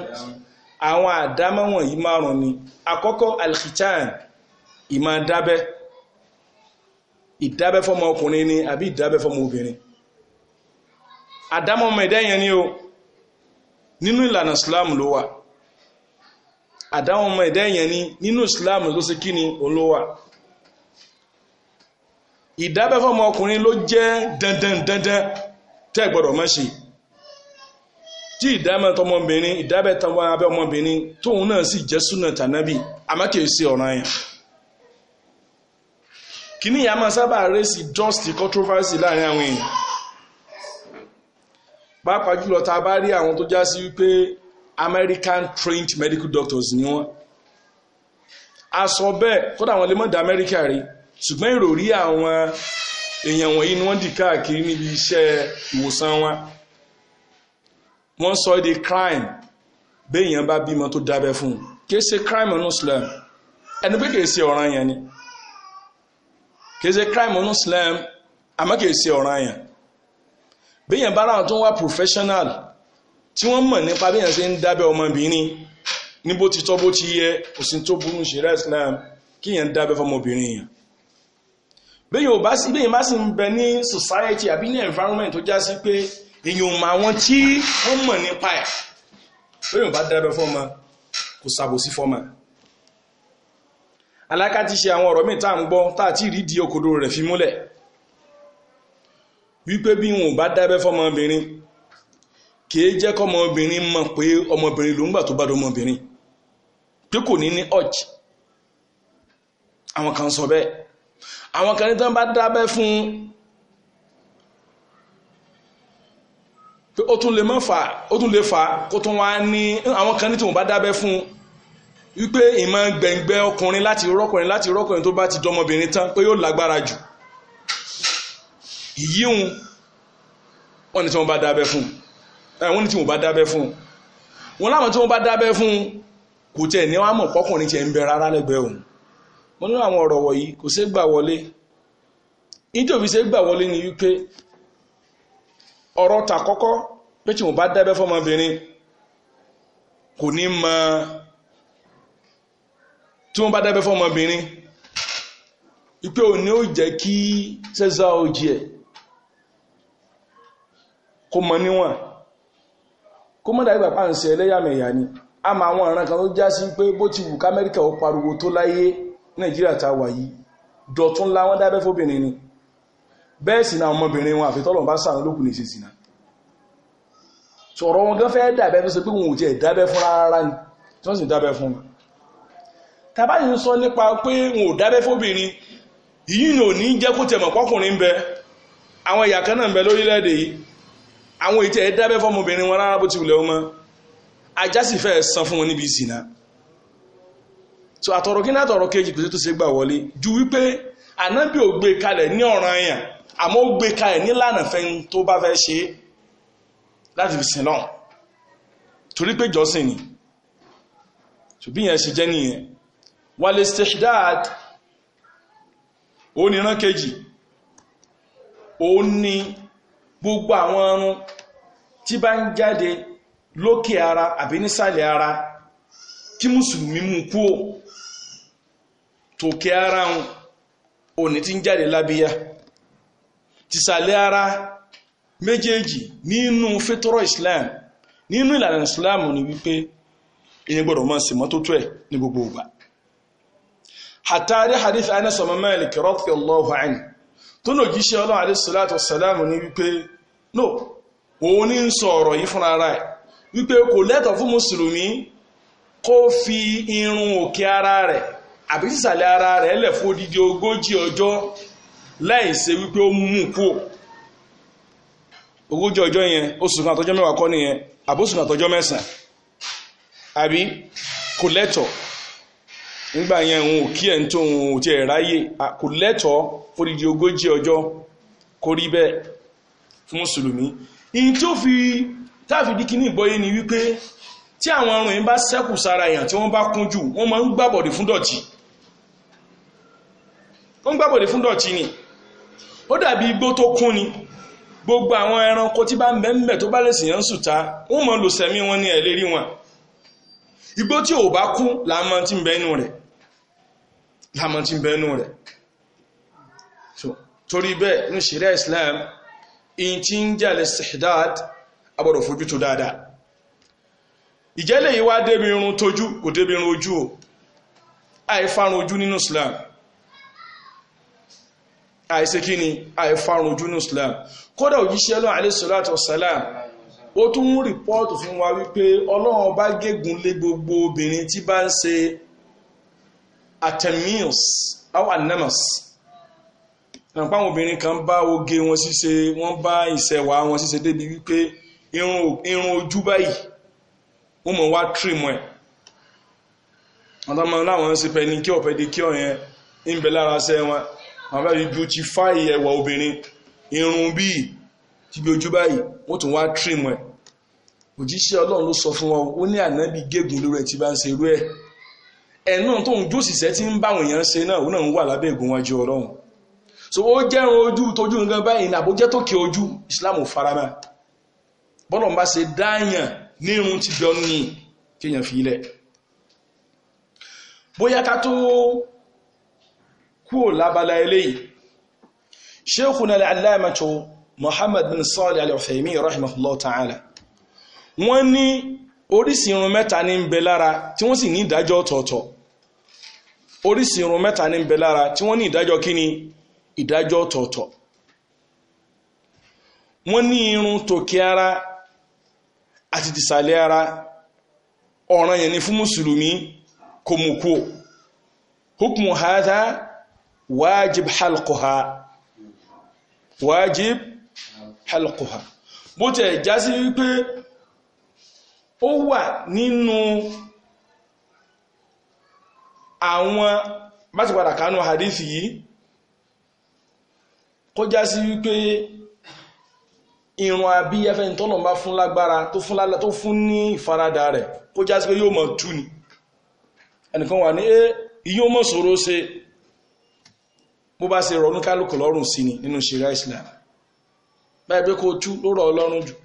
àwọn àdámọ́ wọ̀nyí márùn-ún ni àkọ́kọ́ alkhichan ìmọ̀ dábẹ́ ìdábẹ́ fọ́mọ ọkùnrin ni àbí ìdábẹ́ fọ́mọ obìnrin àdámọ́ ọmọ ẹ̀dá yẹn ni o nínú ìlànà Islam ló wà àdámọ́ ọmọ ẹ̀dá yẹn ni nínú Islam ló sì kí ni olówà ìdábẹ́ fọ́mọ ọkùnrin ló jẹ́ dandan dandan tẹ́ gbọ́dọ̀ má ṣe tí ìdámẹ́ta ọmọbìnrin ìdábẹ́ta wá abẹ́ ọmọbìnrin tóun náà sì jẹ́ súnà tànábì àmọ́ kì í ṣe ọ̀ràn yẹn kìíní yà máa sábà rẹ́sì just controversy láàrin àwọn èèyàn pàápàá jùlọ tá a bá rí àwọn tó já sí wípé American trained medical doctors ni wọ́n a sọ bẹ́ẹ̀ kódà àwọn lèmọ́dà Amẹ́ríkà rí ṣùgbọ́n ìròrí àwọn èèyàn wọ̀nyí ni wọ́n dì káàkiri níbi iṣẹ́ ìwòsàn wọn wọ́n sọ ẹ́ di crime béèyàn bá bímọ tó dábẹ́ fún un kìí ṣe crime ọ̀nù Islam ẹni pé kìí ṣe ọ̀ràn yẹn ni kìí ṣe crime ọ̀nù Islam àmọ́ kìí ṣe ọ̀ràn yẹn béèyàn bá ráwọn tó ń wá professional tí wọ́n mọ̀ nípa béèyàn ṣe ń dábẹ́ ọmọbìnrin ní bó ti tọ́ bó ti yẹ kò sí tó burú ṣẹ̀ríà Islam kíyàn dábẹ́ fọmọbìnrin yẹn béèyàn bá sì ń bẹ ní society àbí ní environment tó já sí pé èyàn mọ àwọn tí wọ́n mọ̀ nípa ẹ̀ lórí ìbá dáadọ́ fọ́mọ kò sàbòsí fọ́mọ aláka ti ṣe àwọn ọ̀rọ̀ míì tá à ń gbọ́ tá àti ìrídi òkòdó rẹ̀ fi múlẹ̀ wípé bí wọn ò bá dábẹ́ fọ́mọbìnrin kìí jẹ́ kọ́mọbìnrin mọ̀ pé ọmọbìnrin ló ń gbà tó bá dọmọbìnrin pé kò ní ní ọ̀jì àwọn kan sọ bẹ́ẹ̀ àwọn kan ní tán bá dábẹ́ fún pé ó tún lè mọ́ fà ó tún lè fà kó tún wá ní àwọn kan ní tí wọ́n bá dábẹ́ fún un wípé ìmọ̀ gbẹ̀ngbẹ́ ọkùnrin láti rọ́kùnrin láti rọ́kùnrin tó bá ti dọmọbìnrin tán pé yóò lágbára jù ìyíhun wọ́n ní tí wọ́n bá dábẹ́ fún un wọ́n ní tí wọ́n bá dábẹ́ fún un wọ́n láwọn tí wọ́n bá dábẹ́ fún un kò tẹ̀ ní wọ́n á mọ̀ pọ́kùnrin tiẹ̀ ń bẹ rárá lẹ́gbẹ̀ẹ́ òun wọ́n ní àwọn ọ̀rọ̀ wọ̀nyí kò ṣeé gbà wọlé nítorí ṣeé gbà wọlé ni wípé ọ̀rọ̀ ta kọ́kọ́ pé tí mo bá dábẹ́ fọmọbìnrin kò ní mọ tí mo bá dábẹ́ fọmọbìnrin ipe òní ó jẹ́ kí sẹ́sà òjì ẹ̀ kó mọ níwọ̀n kó mọ́ dàgbà pàǹsẹ̀ ẹlẹ́yàmẹ̀yà ni a máa àwọn ọ̀ràn kan tó já sí pé bó ti wù ká Amẹ́ríkà ó pariwo tó láyé Nàìjíríà ta wà yìí dọ̀tún láwọn dábẹ́ fóbìnrin ni. bẹ́ẹ̀ sì ọmọbìnrin wọn àfi tọ́lọ̀ bá sàrán lókùn ní ìṣesì náà sọ̀rọ̀ wọn gan fẹ́ dàbẹ́ pé wọn ò jẹ́ ìdábẹ́ fún rárá ní. tí wọ́n sì dábẹ́ fún mi tàbá sọ nípa pé wọn ò dábẹ́ fóbìnrin yìí ni ò ní jẹ́ kó tẹ̀mọ̀ pọ́kùnrin bẹ àwọn ìyà kan náà bẹ lórílẹ̀‐èdè yìí àmọ́ ó gbé kalẹ̀ nílànà fẹ́ni tó bá fẹ́ ṣe é láti fi sìn lọ́hùn torí pé jọ́sìn ni ṣùgbọ́n yẹn ṣe jẹ́ nìyẹn wal istihdad oníran kejì ó ní gbogbo àwọn ọrùn tí bá ń jáde lókè ara àbí nísàlẹ̀ ara kí mùsùlùmí mú kúò tòkè ara òní tí ń jáde lábíyá tìsàlẹ̀ ara méjèèjì nínú fẹ́tọ́rọ̀ Islam nínú ìlànà Islam ni wípé ìyẹn gbọ́dọ̀ máa ṣe mọ́tótó ẹ̀ ní gbogbo ìgbà hàtàrí hadith Anas ọmọ Malik radiyallahu anhu tó ní òjíṣẹ́ Ọlọ́run alayhi salatu no òun ní ń sọ ọ̀rọ̀ yìí fúnra rẹ̀ wípé kò lẹ́tọ̀ fún mùsùlùmí kó fi láì ṣe wípé ó mú kú ogójì ọjọ́ yẹn oṣù kan àtọjọ́ mẹ́wàá kọ́ nìyẹn àbóṣù kan àtọjọ́ mẹ́sàn-án àbí kò lẹ́tọ̀ nígbà yẹn òun ò kí ẹ̀ ń tó òun ò tiẹ̀ ráyè kò lẹ́tọ̀ fódìdí ogójì ọjọ́ kò rí bẹ́ẹ̀ fún mùsùlùmí ìyí tó fi táàfi dí kíní ìbọyé ni wípé tí àwọn ọrùn yìí bá ṣẹ́kù sára èèyàn tí wọ́n bá kún jù wọ́n máa ń gbàbọ̀dì fún dọ̀tí wọ́n gbàbọ̀dì fún dọ̀tí ni ó dàbí igbó tó kún ni gbogbo àwọn ẹranko tí bá mẹ́mẹ́ tó bá lè sìn yẹn ń sùta wọ́n mọ̀ lò sẹ́mi wọn ní ẹ̀lérí wọn igbó tí ò bá kú làmọ́ tí ń bẹ rẹ̀ làmọ́ tí ń bẹ rẹ̀ torí bẹ́ẹ̀ ní ṣẹ̀ríà Islam in ti ń jẹ́ al-istihdad agbọ́dọ̀ fojú tó dáadáa ìjẹ́lẹ̀ yìí wá débi irun tójú kò débi ojú o àìfarun ojú nínú Islam àìsí ni àìfarun ojú ní islam kódà òjíṣẹ́ ọlọ́run alẹ́sọ̀láàtọ̀ salam ó tún ń rìpọ́ọ̀tù fún wa wípé ọlọ́run bá gégùn lé gbogbo obìnrin tí bá ń se atemis awa namas nàpáwọn obìnrin kan bá oge wọn ṣíṣe wọ́n bá ìṣẹ̀wà wọn ṣíṣe débi wípé irun ojú báyìí wọ́n mọ̀ wá trim ẹ̀ wọ́n tọ́ mọ láwọn ṣe pẹ́ ní kí ọ̀pẹ́ di kí ọ̀yẹn ń bẹ lára ṣẹ́ àwọn bá beautify ẹwà obìnrin irun bíi ti bí ojú báyìí wọ́n tún wá trim ẹ̀ òjíṣẹ́ ọlọ́run ló sọ fún wọn ó ní ànábì gégùn lórí ẹ̀ tí bá ń ṣe irú ẹ̀ ẹ̀ náà tóun jó òṣìṣẹ́ tí ń báwọn èèyàn ṣe náà ó náà ń wà lábẹ́ ègún wájú ọlọ́run so ó jẹ́rùn ojú tójú nǹkan báyìí nàbó jẹ́ tó ojú Islam farama bọ́lọ̀ bá ṣe dáyàn nírun ti jọ ní kéèyàn fi ilẹ̀ bóyá ká tó kúrò lábala eléyìí sheikhuna al-allamatu muhammad bin salih al-uthaymin rahimahullah ta'ala wọ́n ní oríṣi irun mẹ́ta ní ń bẹ lára tí wọ́n sì ní ìdájọ́ ọ̀tọ̀ọ̀tọ̀ oríṣi irun mẹ́ta ní ń bẹ lára tí wọ́n ní ìdájọ́ kíni ìdájọ́ ọ̀tọ̀ọ̀tọ̀ wọ́n ní irun tòkè ara àti tìsàlẹ̀ ara ọ̀ranyàn ni fún mùsùlùmí kò mú kú hukmu hadha wajib halquha wajib halquha bó tẹ̀ já sí wípé ó wà nínú àwọn báti padà kánú hadith yìí kó já sí wípé irun abíyá fẹ́ni tọ́nà bá fún lágbára tó fún lágbára tó fún ní ìfaradà rẹ̀ kó já sí pé yóò mọ̀ tú ni ẹnìkan wà ní ẹ yóò mọ̀ sọ̀rọ̀ bó bá ṣe rọrùn kálukú lọ́rùn sí ni nínú ṣẹ̀ríà Islam báyìí pé kó tú ló rọ̀ ọlọ́run jù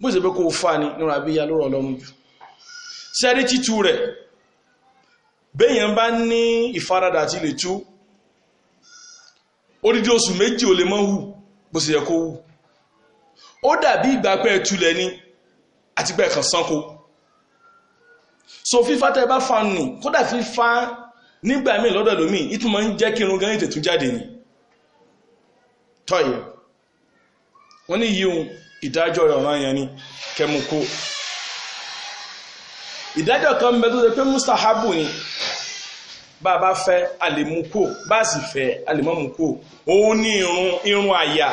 bó ṣe pé kó fà ní nínú abíyá ló rọ̀ ọlọ́run jù sẹ́rí títú rẹ̀ béèyàn bá ní ìfaradà àti lè tú odidi oṣù méjì ò lè mọ́ hù bó ṣe yẹ kó hù ó dàbí ìgbà pẹ́ tulẹ̀ ni àti pẹ́ kàn sanko so fífa tẹ́ bá fa nù kódà fífa nígbà míì lọ́dọ̀ lómi ìtumọ̀ ń jẹ́ kírun gan ètè tún jáde ni tọ́yẹ̀ wọ́n ní yíyún ìdájọ́ rẹ̀ ọ̀ràn yẹn ni kẹmukú ìdájọ́ kan bẹ tó ṣe pé mustahabu ni bá a bá fẹ́ a lè mú kó bá a sì fẹ́ a lè mọ́ mú kó òun ní irun irun àyà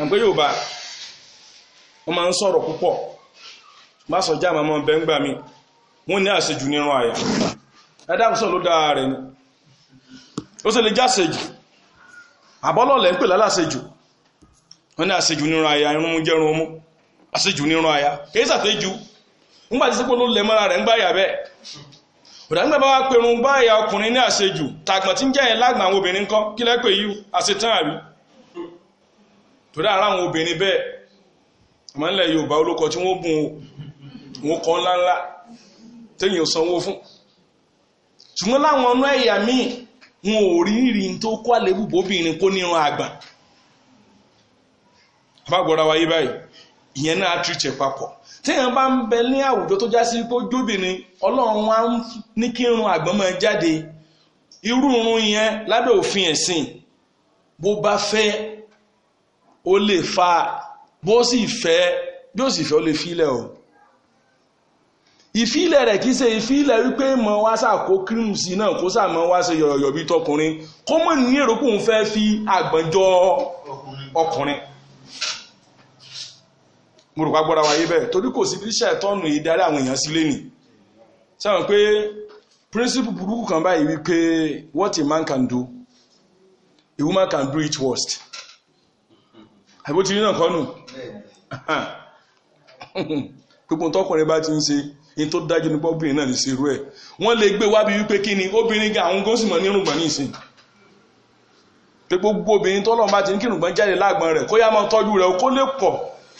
àgbẹ̀ Yorùbá wọ́n máa ń sọ̀rọ̀ púpọ̀ bá sọ jáàmù ọmọ bẹ́ńgbà mi wọ́n ní àṣejù nírun àyà ẹ̀dàkùsọ̀ ló dáa rẹ̀ ni ó sì lè já sejù àbọ́lọ̀lẹ̀ ń pè lálàsejù wọ́n ní àsejù nírun aya irun jẹ́run ọmú àsejù aya sàtẹ́jù ló lẹ̀ mọ́ra rẹ̀ yà bẹ́ẹ̀ pẹ̀rùn bá ọkùnrin ní àsejù tàgbọ̀n tí ń jẹ́ ẹ̀ lágbà àwọn obìnrin kan kí ara àwọn obìnrin bẹ́ẹ̀ ọmọ nílẹ̀ Yorùbá olókọ tí wọ́n bùn ńláńlá ṣùgbọ́n láwọn ọ̀nà ẹ̀yà míì wọn ò rí rí tó kó àlébù bóbìnrin kó nírun àgbà àbágbọ́ra wáyé báyìí ìyẹn náà tìrìtì papọ̀ téèyàn bá ń bẹ ní àwùjọ tó já sí pé jóbìnrin ọlọ́run wa ní kí irun àgbọ̀n máa jáde irú irun yẹn lábẹ́ òfin ẹ̀sìn bó bá fẹ́ ó lè fa bó sì fẹ́ bí ó sì fẹ́ ó lè filẹ̀ o ìfilẹ̀ rẹ̀ kì í ṣe ìfilẹ̀ wípé mọ̀ wá sàkó kírìmù sí náà kó sàmọ́ wá ṣe yọ̀yọ̀ bí tọkùnrin kó mọ̀ ní èrò kóun fẹ́ fi àgbọ̀njọ́ ọkùnrin mo rò pa gbọ́ra wáyé bẹ́ẹ̀ torí kò sí bí ṣàìtọ́nù ìdarí àwọn èèyàn sílé nì sẹ́wọ̀n pé príncípù burúkú kan báyìí wípé what a man can do a woman can do it worst àbótí náà kọ́nù [laughs] gbogbo tọkùnrin bá ti ń ṣe ní tó dájú nípa obìnrin náà lè ṣe irú ẹ̀ wọ́n lè gbé wábi wípé kí ni obìnrin gan àwọn gan sì mọ̀ nírùngbà ní ìsìn pé gbogbo obìnrin tọ́lọ́run bá ti ní kírùngbọ́n jáde láàgbọ́n rẹ̀ kó yá máa tọ́jú rẹ̀ kó lè pọ̀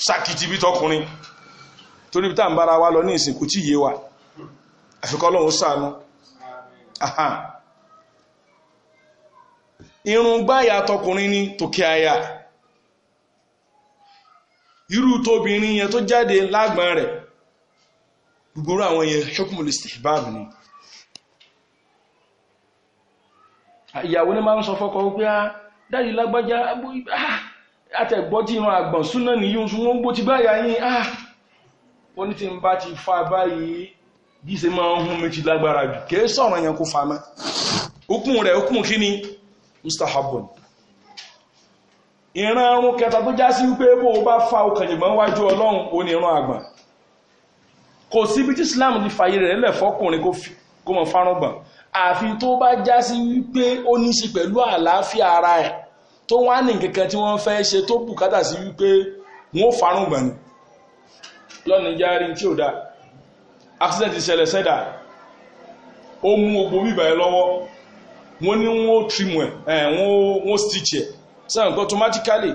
ṣàkìtì bí tọkùnrin torí bí ta wa lọ ní ìsìn kò tí ì yé wa àfikọ́ tọkùnrin ní tòkè àyà irú gbogbo àwọn yẹn hukmul istihbab ni ìyàwó ní máa ń sọ fọ́kọ wípé á ah, dáyì lágbájá àtẹ̀gbọ́ ah, tí ìran àgbọ̀n súná ní yíò sún wọ́n gbó ti báyà yín á ah. wọ́n ní tí ń bá ti fa báyìí bí ṣe máa ń hún méjì lágbára jù kìí sọ̀rọ̀ yẹn kó ni mustahabun fa kò síbi tí islam ti fàyè rẹ̀ lẹ̀ fọ́kùnrin kó mọ fárúgbọ̀n àfi tó bá já sí wípé ó ní í ṣe pẹ̀lú àlàáfíà ara ẹ̀ tó wá ní kankan tí wọ́n fẹ́ ṣe tó bùkátà sí wípé wọ́n fárúgbọ̀n ni lọ́nà járí tí ò dá accident ìṣẹ̀lẹ̀ sẹ́dà ó mú ogbó bíbà ẹ lọ́wọ́ wọ́n ní wọ́n trim ẹ̀ wọ́n stitch ẹ̀ sẹ́yìn nǹkan automatically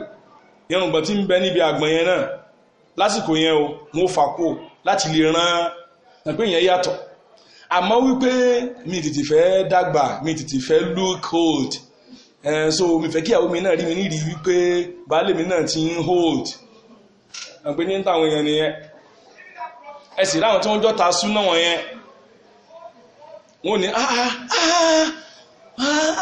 yẹn nǹkan tí ń bẹ níbi àgbọ̀n yẹn náà lásìkò yẹn o wọ́n fà kú o láti lè ran ẹgbẹ́ yẹn yàtọ̀ àmọ́ wípé mi tètè fẹ́ dàgbà mi tètè fẹ́ look old uh, so mi fẹ́ kí ìyàwó mi náà rí mi nírí wípé baálé mi náà ti ń hold àgbẹ̀ ní táwọn èèyàn nìyẹn ẹ sì ráwọn tí wọ́n jọ́ta súná wọn yẹn wọ́n ní ah, ah, ah,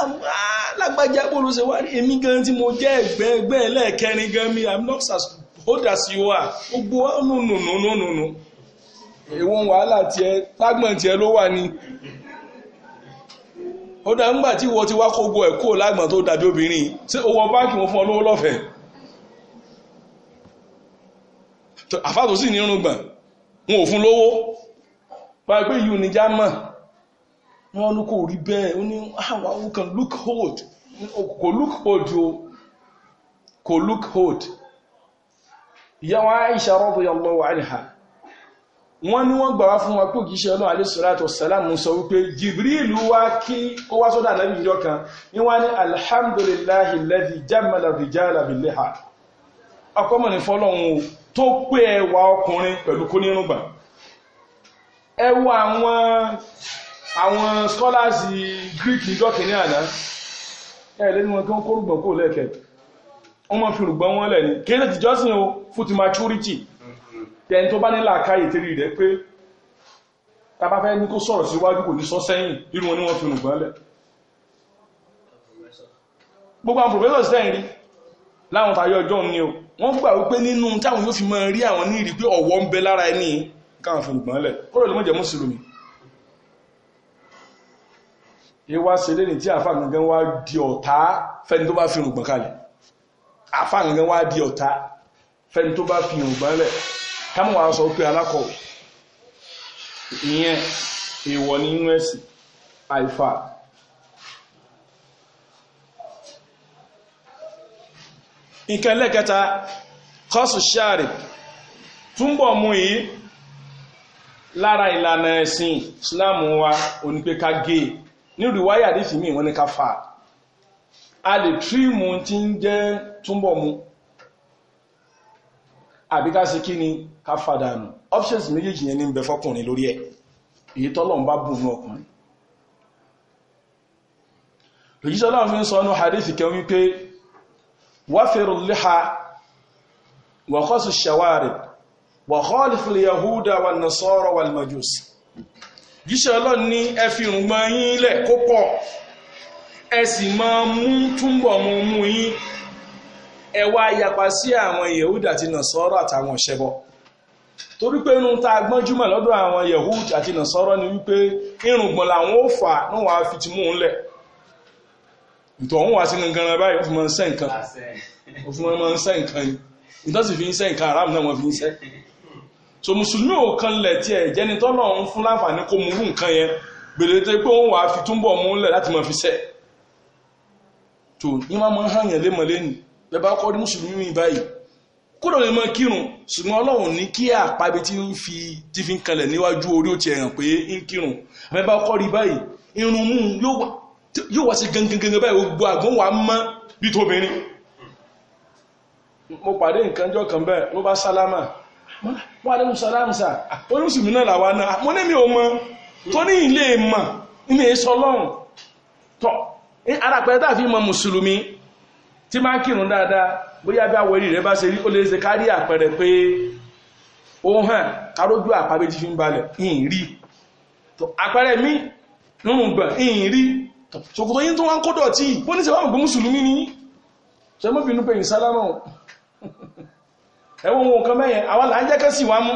lágbájá bóòlù ṣe wá rí èmi gan tí mo jẹ́ ẹgbẹ́ ẹgbẹ́ ẹlẹ́ẹ̀kẹrin gan mi i'm not as old as you are gbogbo oh, nùnùnùnùnù èwo wàhálà tiẹ̀ lágbọ̀n tiẹ̀ ló wà ní ó dá nígbà tí ìwọ ti wá kó gbọ́ ẹ̀ kó lágbọ̀n tó dàbí obìnrin ṣé owó báńkì wọn fún ọ lówó àfáàtò sì ní irùngbọ̀n wọn ò fún lówó báyìí pé yìí ní jámọ̀ wọn ní kò rí bẹ́ẹ̀ ó ní àwọn ah, àwọn look hold kò look hold o kò look hold ìyá wa Aisha radiyallahu anha wọ́n ní wọ́n gbà wá fún wọn pé òjíṣẹ́ ọlọ́run alẹ́sọ̀láàtọ̀ sàlámù sọ wípé jibril wá kí ó wá sọ́dọ̀ ànábì ìjọ kan ní wọ́n ní alhamdulillahi lẹ́dí jamala rijala biliha ọkọ́mọ̀ ní fọ́lọ́run o tó pé ẹwà ọkùnrin pẹ̀lú kó nínú gbà greek ìjọ kìíní àná ẹ̀ lẹ́nu wọn kí wọ́n kó rúgbọ̀n kó lẹ́ẹ̀kẹ́ wọ́n máa tẹ́ni tó bá ní làákàyè tẹ́lẹ̀ rẹ̀ pé tàbá fẹ́ ní kó sọ̀rọ̀ síwájú kò ní sọ sẹ́yìn irú wọn ni wọ́n fi rùn gbọ́nlẹ̀ gbogbo àwọn professor sẹ́yìn rí láwọn tayọ ọjọ́ ní o wọ́n gbà wípé nínú táwọn yóò fi mọ́ rí àwọn ní ìrí pé ọ̀wọ́ ń bẹ lára ẹni káwọn fi rùn gbọ́nlẹ̀ ó rẹ̀ ló mọ̀ jẹ́ mùsùlùmí ìwá sílé ní tí àfà gangan wá di ọ̀tá fẹ́ni tó bá fi rùn gbọ́n kalẹ̀ àfà gangan wá di ọ̀tá fẹ́ni tó bá fi rùn gbọ́nlẹ̀ ká mọ̀ wá sọ pé alákọ̀wé ìyẹn èèwọ̀ ní inú ẹ̀sìn àìfà. nǹkan ẹlẹ́kẹta kọ́sù ṣáàrì túnbọ̀ mú yìí lára ìlànà ẹ̀sìn Islam wa onípẹ́ká gé e. nírú wáyà àdìsí mi wọ́n ní ká fà á lè tírìmù tí ń jẹ́ túnbọ̀ mú àbíká sí kí ni ká fàdánù options méjèèjì yẹn ní ń bẹ fọ́kùnrin lórí ẹ̀ èyí tọ́lọ́run bá bùn ní ọkùnrin lòjíṣẹ́ ọlọ́run fi ń sọ ọ́nà hadith kẹ wípé wafiru liha wa khasu shawarib wa khalifu yahuda wa nasara wal majus jíṣẹ́ ọlọ́run ní ẹ fi yín lẹ̀ kó pọ̀ ẹ sì máa mú túnbọ̀ mọ́ mú yín ẹ yapa sí àwọn yahuda àti nasara àtàwọn ṣẹbọ torí pé inú ta gbọ́njúmọ̀ lọ́dọ̀ àwọn yahud àti nasọ́rọ́ ni wípé irùngbọ̀n làwọn ó fà ní wàá fi ti mú un lẹ̀ ìtọ̀hún wá sínú ganan báyìí ó fi máa ń sẹ́ nǹkan ó fi máa ń sẹ́ nǹkan yìí ìtọ́ sì fi ń sẹ́ nǹkan aráàmù náà wọ́n fi ń sẹ́ so mùsùlùmí ò kan lẹ̀ tiẹ̀ jẹ́ni tọ́nà ń fún láǹfààní kó mu irú nǹkan yẹn gbèrè tẹ́ pé òun wàá fi túnbọ̀ mú un lẹ̀ láti máa fi sẹ́ tó ní máa máa ń hàn yẹn lé mọ́lẹ́ni lẹ́ bá kọ́ ní mùsùlùmí báyìí kódà lè mọ kírun ṣùgbọ́n ọlọ́run ní kí àpábi tí ń fi tí fi ń kanlẹ̀ níwájú orí òtí ẹ̀hàn pé ń kírun àmẹ́bá ọkọ rí báyìí irun mú yóò wá sí gangan báyìí gbogbo àgbọn wà mọ́ bí tóbìnrin mo pàdé nǹkan jọ kan bẹ́ẹ̀ ló bá sálámà wọ́n adé musa lámùsà oníṣùmí náà làwa náà mo ní mi ò mọ tó ní ilé mọ̀ ní èso ọlọ́run tọ́ arápẹ́rẹ́ fi mọ mùsùlùmí tí máa kírun dáadáa bóyá bí àwọ̀ eré rẹ̀ bá ṣe rí ó lè ṣe kárí àpẹẹrẹ pé ó hàn kárójú àpábéjì fi ń balẹ̀ ìhìn rí àpẹẹrẹ mi nínú gbọ̀n ìhìn rí ṣòkòtò yín tó wá ń kó dọ̀tí bó ní ṣe wá mùsùlùmí ni ṣe mọ́ bínú pé yìí sálámà ẹwọ́n wọn kan mẹ́yẹn àwọn làájẹ́kẹ́ sì wá mú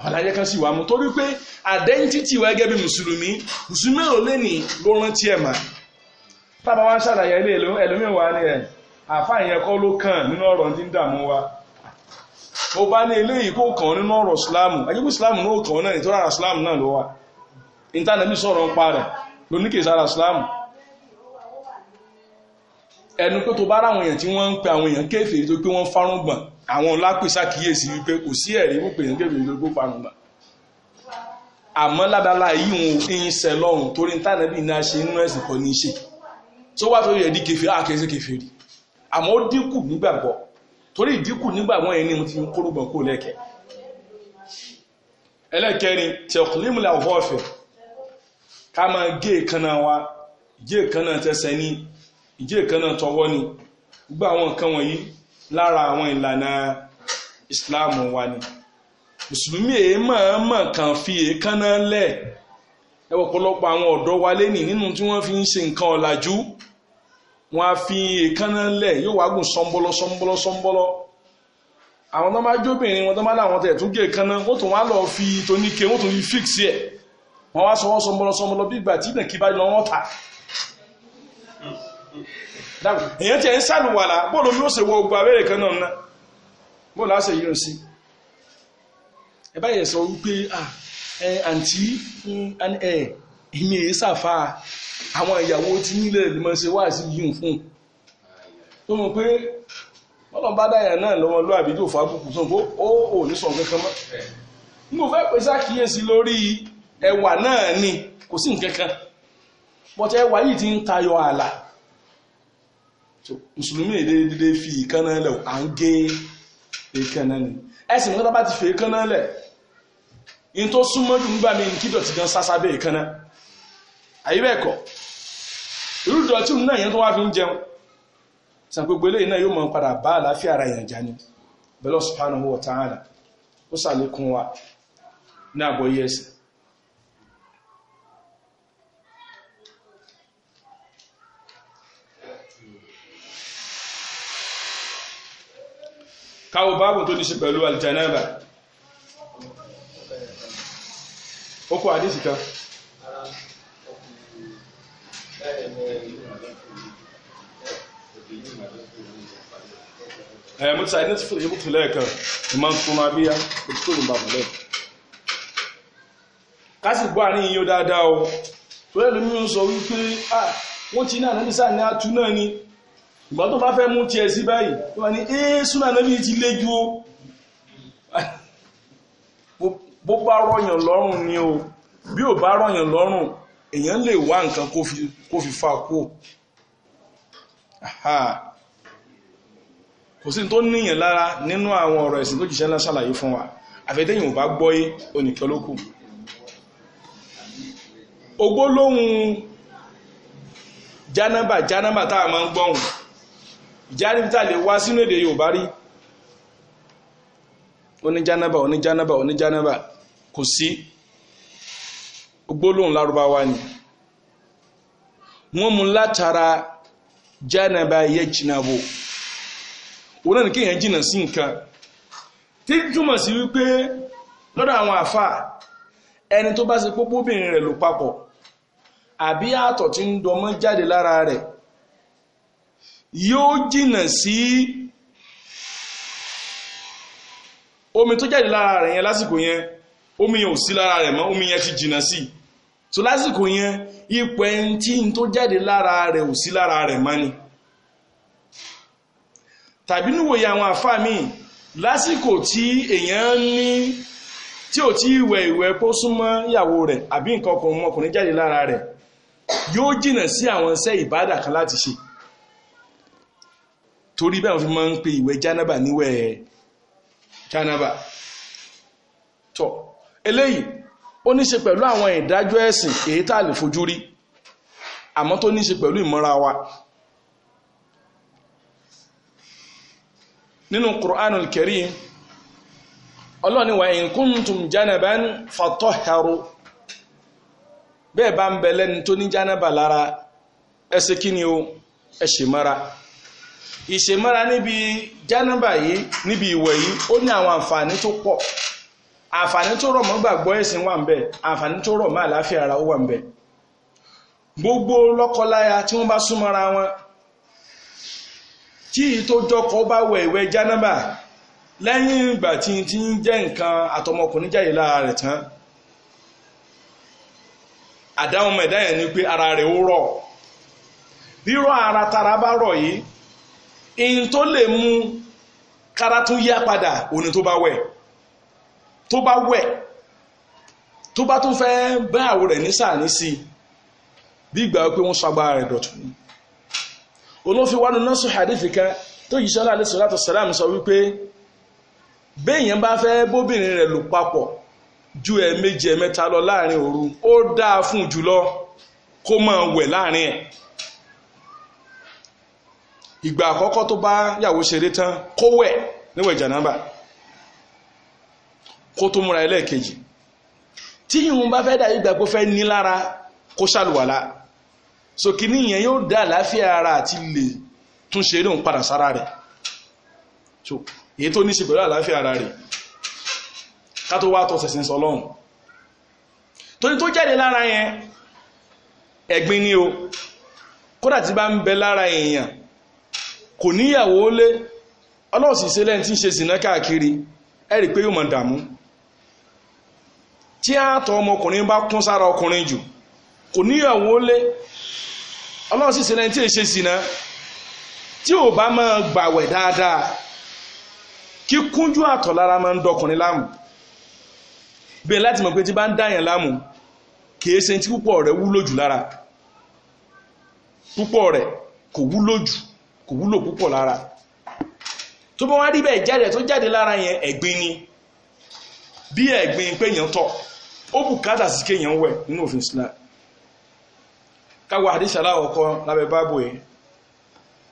àwọn làájẹ́kẹ́ sì wá mú torí pé àdẹ́ntìtì wa gẹ́gẹ́ bí mùsùlùmí mùsùlùmí ò àfáà yẹn kọ́ ló kàn nínú ọ̀rọ̀ tí ń wa ó bá ní eléyìí kó kàn nínú ọ̀rọ̀ sùlámù ajẹ́kù sùlámù náà kàn náà nítorí ara sùlámù náà ló wà ìntánẹ́bí sọ̀rọ̀ ń pa rẹ̀ lóníkèé sára sùlámù ẹnu pé tó bá ráwọn èèyàn tí wọ́n ń pe àwọn èèyàn kéfèé tó pé wọ́n fárúngbọ̀n àwọn lápèsà kíyèsí wípé kò sí ẹ̀rí wípé èèyàn kéfèé tó pé fárúngbọ̀n àmọ́ ládàlá yìí wọn ń sẹ lọ́rùn torí ìntánẹ́bí náà ṣe nínú ẹ̀sìn kan ní tó wá tó yẹ di kéfèé àkẹ́sẹ́ kéfèé rí àmọ́ ó dínkù nígbàgbọ́ torí ìdínkù nígbàgbọ́ yẹn ni mo ti kórógbọ̀n kó lẹ́kẹ̀ẹ́ ẹlẹ́kẹrin tẹ̀kùnlímùlà ọ̀fọ́ọ̀fẹ́ ká máa gé èkánná wa gé èkánná tẹsẹ̀ ní gé èkánná tọwọ́ ni gbogbo àwọn nǹkan wọ̀nyí lára àwọn ìlànà Islam wa ni mùsùlùmí èé mọ̀ọ́mọ̀ kàn fi èkánná lẹ̀ ẹ wọ́pọ̀lọpọ̀ àwọn ọ̀dọ́ wa lẹ́nìí nínú tí wọ́n fi ń ṣe nǹkan ọ̀làjú wọn á fi èékánná lẹ̀ yóò wá gùn sọ́nbọ́lọ́ sọ́nbọ́lọ́ sọ́nbọ́lọ́ àwọn tó máa jóbìnrin wọn tó máa láwọn tẹ̀ tún gé èékánná wọ́n tún wá lọ fi toníke wọ́n tún fi fix ẹ̀ wọ́n wá sọ́wọ́ sọ́nbọ́lọ́ sọ́nbọ́lọ́ bí ìgbà tí ìdàkí bá lọ wọ́n ta èyàn tiẹ̀ ń sàlùwàlà bóòlù mi ó ṣe wọ ogun abẹ́rẹ́ kan náà ná bóòlù á ṣe yí lọ sí ẹ báyìí sọ wípé àǹtí ìmì èyí sàfáà àwọn ìyàwó tí nílẹ̀ ló máa ń ṣe wá sí yìí fún un tó mọ̀ pé bọ́lọ̀ bá dáyà náà lọ́wọ́ ló àbí tó fa kúkú tó kó ó ò ní sọ̀rọ̀ kankan mọ́ mo fẹ́ pè sákìyèsí lórí ẹwà náà ni kò sí nǹkan kan bọ́tẹ́ ẹwà yìí ti ń tayọ ààlà mùsùlùmí èdè dídé fi ìkànnà lẹ̀ à ń gé ìkànnà ni ẹ̀sìn mọ́tà bá ti fi ìkànnà lẹ̀ in tó súnmọ́ jù nígbà mi kí dọ̀tí gan sásábẹ́ ìkànnà àyè bẹ́ẹ̀ kọ́ irú ìdọ̀tí náà yẹn tó wá fi ń jẹun sàn gbogbo eléyìí náà yóò mọ̀ padà bá ara èèyàn já ni bẹ́lọ́ subhanahu wa ta'ala ó ṣàlékún wa ní àgbọ́yé ẹ̀sìn káwọ báàbù tó ní ṣe pẹ̀lú ó Eh, e e mo ti ṣàdínlẹ̀ sífò ìyókù tún lẹ́ẹ̀kan mo máa ń tún máa bíyá mo ti tóòrùn bàbá lẹ́ẹ̀. ká sì gbọ́ àárín yín o torí ẹ̀lú mi ń sọ [laughs] wípé wọ́n ti ní ànábì sáà ní atú náà ni ìgbà tó bá fẹ́ mú tiẹ̀ sí báyìí tó bá ee súnà ànábì ti lé ju o bó bá rọ̀yàn lọ́rùn ni o bí ò bá rọ̀yàn lọ́rùn èèyàn lè wá nǹkan kó fi kó fi fa kú kò sí tó níyàn lára nínú àwọn ọ̀rọ̀ ẹ̀sìn tó jìṣẹ́ ńlá ṣàlàyé fún wa àfẹ́tẹ́yìn ò bá gbọ́yé oníkan ló kù ogbólóhùn jánábà jánábà tá a máa ń gbọ́hùn ìjáríta lè wá sínú èdè Yorùbá rí oníjánábà oníjánábà oníjánábà kò sí gbólóhùn lárúbáwá ni wọ́n mú látara jánaba yajnabu òun náà ní kéèyàn jìnnà sí nǹkan tí túmọ̀ sí wípé lọ́dọ̀ àwọn àfáà ẹni tó bá ṣe pópó obìnrin rẹ̀ ló papọ̀ àbí àtọ̀ tí ń dọmọ jáde lára rẹ̀ yóò jìnnà sí omi tó jáde lára rẹ̀ yẹn lásìkò yẹn omi yẹn ò sí lára rẹ̀ mọ́ omi yẹn ti jìnnà sí i so lásìkò yẹn ipò ẹni tí n tó jáde lára rẹ̀ ò sí lára rẹ̀ mọ́ ni tàbí níwòye àwọn àfáà míì lásìkò tí èèyàn ní tí ò tí ìwẹ̀ ìwẹ̀ kó súnmọ́ ìyàwó rẹ̀ àbí nǹkan ọkùnrin ọmọkùnrin jáde lára rẹ̀ yóò jìnà sí àwọn iṣẹ́ ìbádà kan láti ṣe torí bẹ́ẹ̀ wọ́n fi máa ń pe ìwẹ̀ jánábà níwẹ̀ jánábà tọ́ eléyìí ó ní ṣe pẹ̀lú àwọn ìdájọ́ ẹ̀sìn èyí tá a lè fojú rí àmọ́ tó ní ṣe pẹ̀lú ìmọ́ra wa nínú Qur'anul Karim Ọlọ́run ní wa in kuntum janaban fatahharu bẹ́ẹ̀ bá ń bẹ lẹ́ni tó ní jánàbà lára ẹsẹ̀ kí ni o ẹ̀ṣẹ̀mára ìṣẹ̀mára níbi jánàbà yìí níbi ìwẹ̀ yìí ó ní àwọn àǹfààní tó pọ̀ àǹfààní tó rọ̀ mọ́ gbàgbọ́ ẹ̀sìn wà ń bẹ̀ àǹfààní tó rọ̀ mọ́ àlàáfíà ara ó wà ń bẹ̀ gbogbo lọ́kọláya tí wọ́n bá súnmọ́ra wọn tí tó jọkọ bá wẹ̀ ìwẹ̀ jánábà lẹ́yìn ìgbà tí ti ń jẹ́ nǹkan àtọmọkùnrin jáde lára rẹ̀ tán àdáhùn mẹ̀dá yẹn ni pé ara rẹ̀ ó rọ̀ rírọ̀ ara tara bá rọ̀ yìí ìyìn tó lè mú kára tún yá padà òní tó bá wẹ̀ tó bá wẹ̀ tó bá tún fẹ́ẹ́ bá àwọ̀ rẹ̀ ní sàní sí i bí ìgbà wípé wọ́n sọ agbára rẹ̀ dọ̀tún ni olófin wánu náà sọ hadith kan tó yìí sọ́lá alẹ́ sọ́lá tó sàlámù sọ wípé béèyàn bá fẹ́ bóbìnrin rẹ̀ lò papọ̀ ju ẹ̀ẹ̀mejì ẹ̀ẹ̀mẹ́ta lọ láàrin òru ó dáa fún jùlọ kó máa wẹ̀ láàrin ẹ̀ ìgbà àkọ́kọ́ tó bá yàwó ṣeré tán kó wẹ̀ níwẹ̀ jànábà kó tó múra ẹlẹ́ẹ̀kejì tí ìhun bá fẹ́ dàbí gbàgbó fẹ́ ní lára kó ṣàlùwàlá sòkìní yẹn yóò dá àlàáfíà ara àti lè tún ṣe eré padà sára rẹ̀ so èyí tó ní ṣe pẹ̀lú ara rẹ̀ ká tó wá tọ́ sẹ̀sìn sọ lọ́hùn torí tó jáde o kódà tí bá ń bẹ lára èèyàn kò níyàwó lé ọlọ́ọ̀sì sílẹ̀ tí ń ṣe tí àtọ̀ ọmọkùnrin bá kún sára ọkùnrin jù kò níyàwó lé ọlọ́run sì sẹ́ni tí èṣe sìnà tí ò bá máa gbàwẹ̀ dáadáa kí kíkúnjú àtọ̀ lára máa ń dọkùnrin láàmú bẹ́ẹ̀ láti mọ̀ pé tí bá ń dàyàn láàmú kìí ṣe tí púpọ̀ rẹ̀ wúlò jù lára púpọ̀ rẹ̀ kò wúlò jù kò wúlò púpọ̀ lára tó bá wá rí bẹ́ẹ̀ jáde tó jáde lára yẹn ẹ̀gbin ni bí ẹ̀gbin péyàn tọ̀ ó bùkátà sí kéèyàn wẹ̀ nínú òfin Islam káwọ àdíṣà aláwọ̀kọ́ lábẹ́ báàbò yìí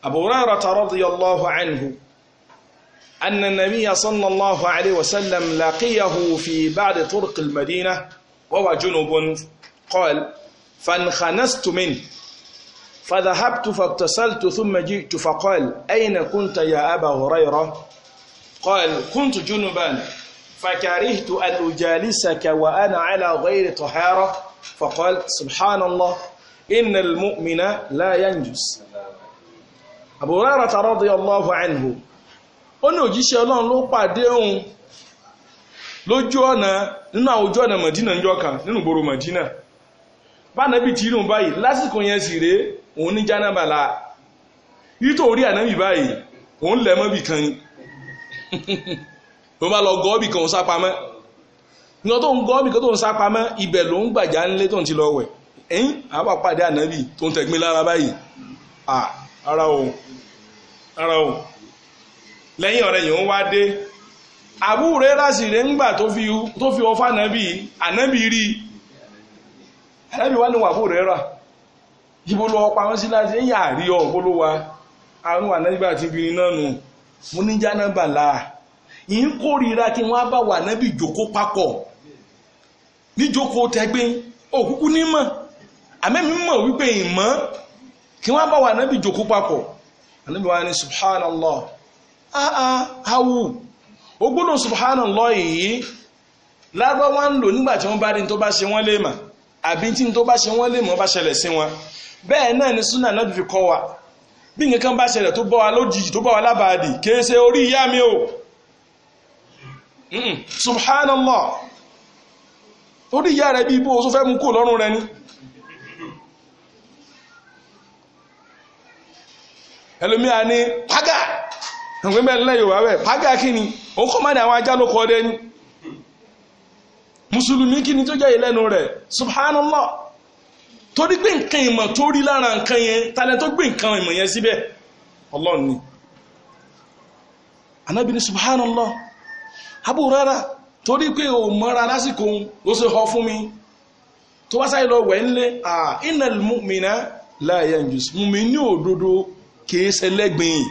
Abu Hurairah radiyallahu anhu أن النبي صلى الله عليه وسلم لقيه في بعد طرق المدينة وهو جنوب قال فانخنست منه فذهبت فاتصلت ثم جئت فقال أين كنت يا أبا هريرة قال كنت جنبا فكرهت أن أجالسك وأنا على غير طهارة فقال سبحان الله إن المؤمن لا ينجس أبو هريرة رضي الله عنه ó ní òjíṣẹ́ ọlọ́run ló pàdé òun lójú ọ̀nà nínú àwùjọ ọ̀nà mọ̀dínà ń jọkàn nínú ìgboro mọ̀dínà bánàbí ti rùn báyìí lásìkò yẹn sì rèé òun ní jánábàlá nítorí ànábì báyìí òun lẹ̀ mọ́bì kan ni [laughs] ló bá lọ gọ́ọ̀bì kan ó sá pamọ́ ní ọtọ́ ń gọ́ọ̀bì kan tó ń sá pamọ́ ibẹ̀ ló ń gbàjá ńlẹ́ tó ń ti lọ wẹ̀ ẹ̀yìn àbá pàdé ànábì tó ń tẹ̀gbìn lára báyìí ara o ara o lẹ́yìn ọ̀rẹ́ yìí ń wá dé àbúrẹ́ rásìrè ńgbà tó fi ọfà ànábì ànábì rí ànábì wá ní wàbúrẹ́ rà ibo lọ pamọ́ sí láti ẹ̀yìn àrí ọ̀ gbólówà àwọn ànábì àti obìnrin náà nù mo ní jánábà láà ń kórìíra kí a bá wà nábì jókòó papọ̀ níjókòó tẹ́gbẹ́ òkúkú ní mọ̀ àmẹ́mí mọ̀ wípé ìmọ̀ kí wọ́n bá wà nábì jókòó papọ̀ ànábì wa ni subhanallah ah ah awu subhanallah yìí ń lò nígbà tí bá rí tó bá ṣe mà àbí tí tó bá ṣe bá ṣẹlẹ̀ sí wọn bẹ́ẹ̀ náà ni náà fi kọ́ wa bí nǹkan bá ṣẹlẹ̀ tó bọ́ wa lójijì tó bọ́ wa lábàádì orí ìyá mi o Hmm, subhanallah orí ìyá rẹ̀ bí ibò oṣù fẹ́ mú kò lọ́rùn rẹ̀ ni ẹlòmí a ní págà ẹ̀gbẹ́ mẹ́rin lẹ́yìn òwà rẹ̀ págà kí ni ó kọ́ mọ́ ní àwọn ajá ló kọ́ ọdẹ ni mùsùlùmí kí ni tó jẹ́ ìlẹ́nu rẹ̀ subhanallah torí pé nǹkan ìmọ̀ tó rí lára nǹkan yẹn talẹ̀ tó gbé nǹkan ìmọ̀ yẹn síbẹ̀ ọlọ́run ni subhanallah abúrárà torí pé o mọ́ra lásìkò ló ṣe họ fún mi tó bá sáyé lọ wẹ̀ ń lé à innal mu'mina la yanjus mùmí ní òdodo kìí ṣe lẹ́gbìn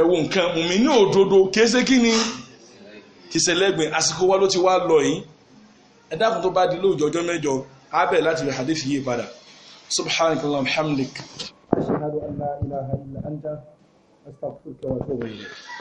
ẹ̀wọ̀n nǹkan mùmí ní òdodo kìí ṣe kí ni kìí ṣe lẹ́gbìn àsìkò wa ló ti wá lọ yìí ẹ tó bá di lóòjọ́ ọjọ́ mẹ́jọ á láti rẹ̀ hadith yìí padà subhanakallah hamdik ashhadu an la ilaha illa anta astaghfiruka wa atubu ilayk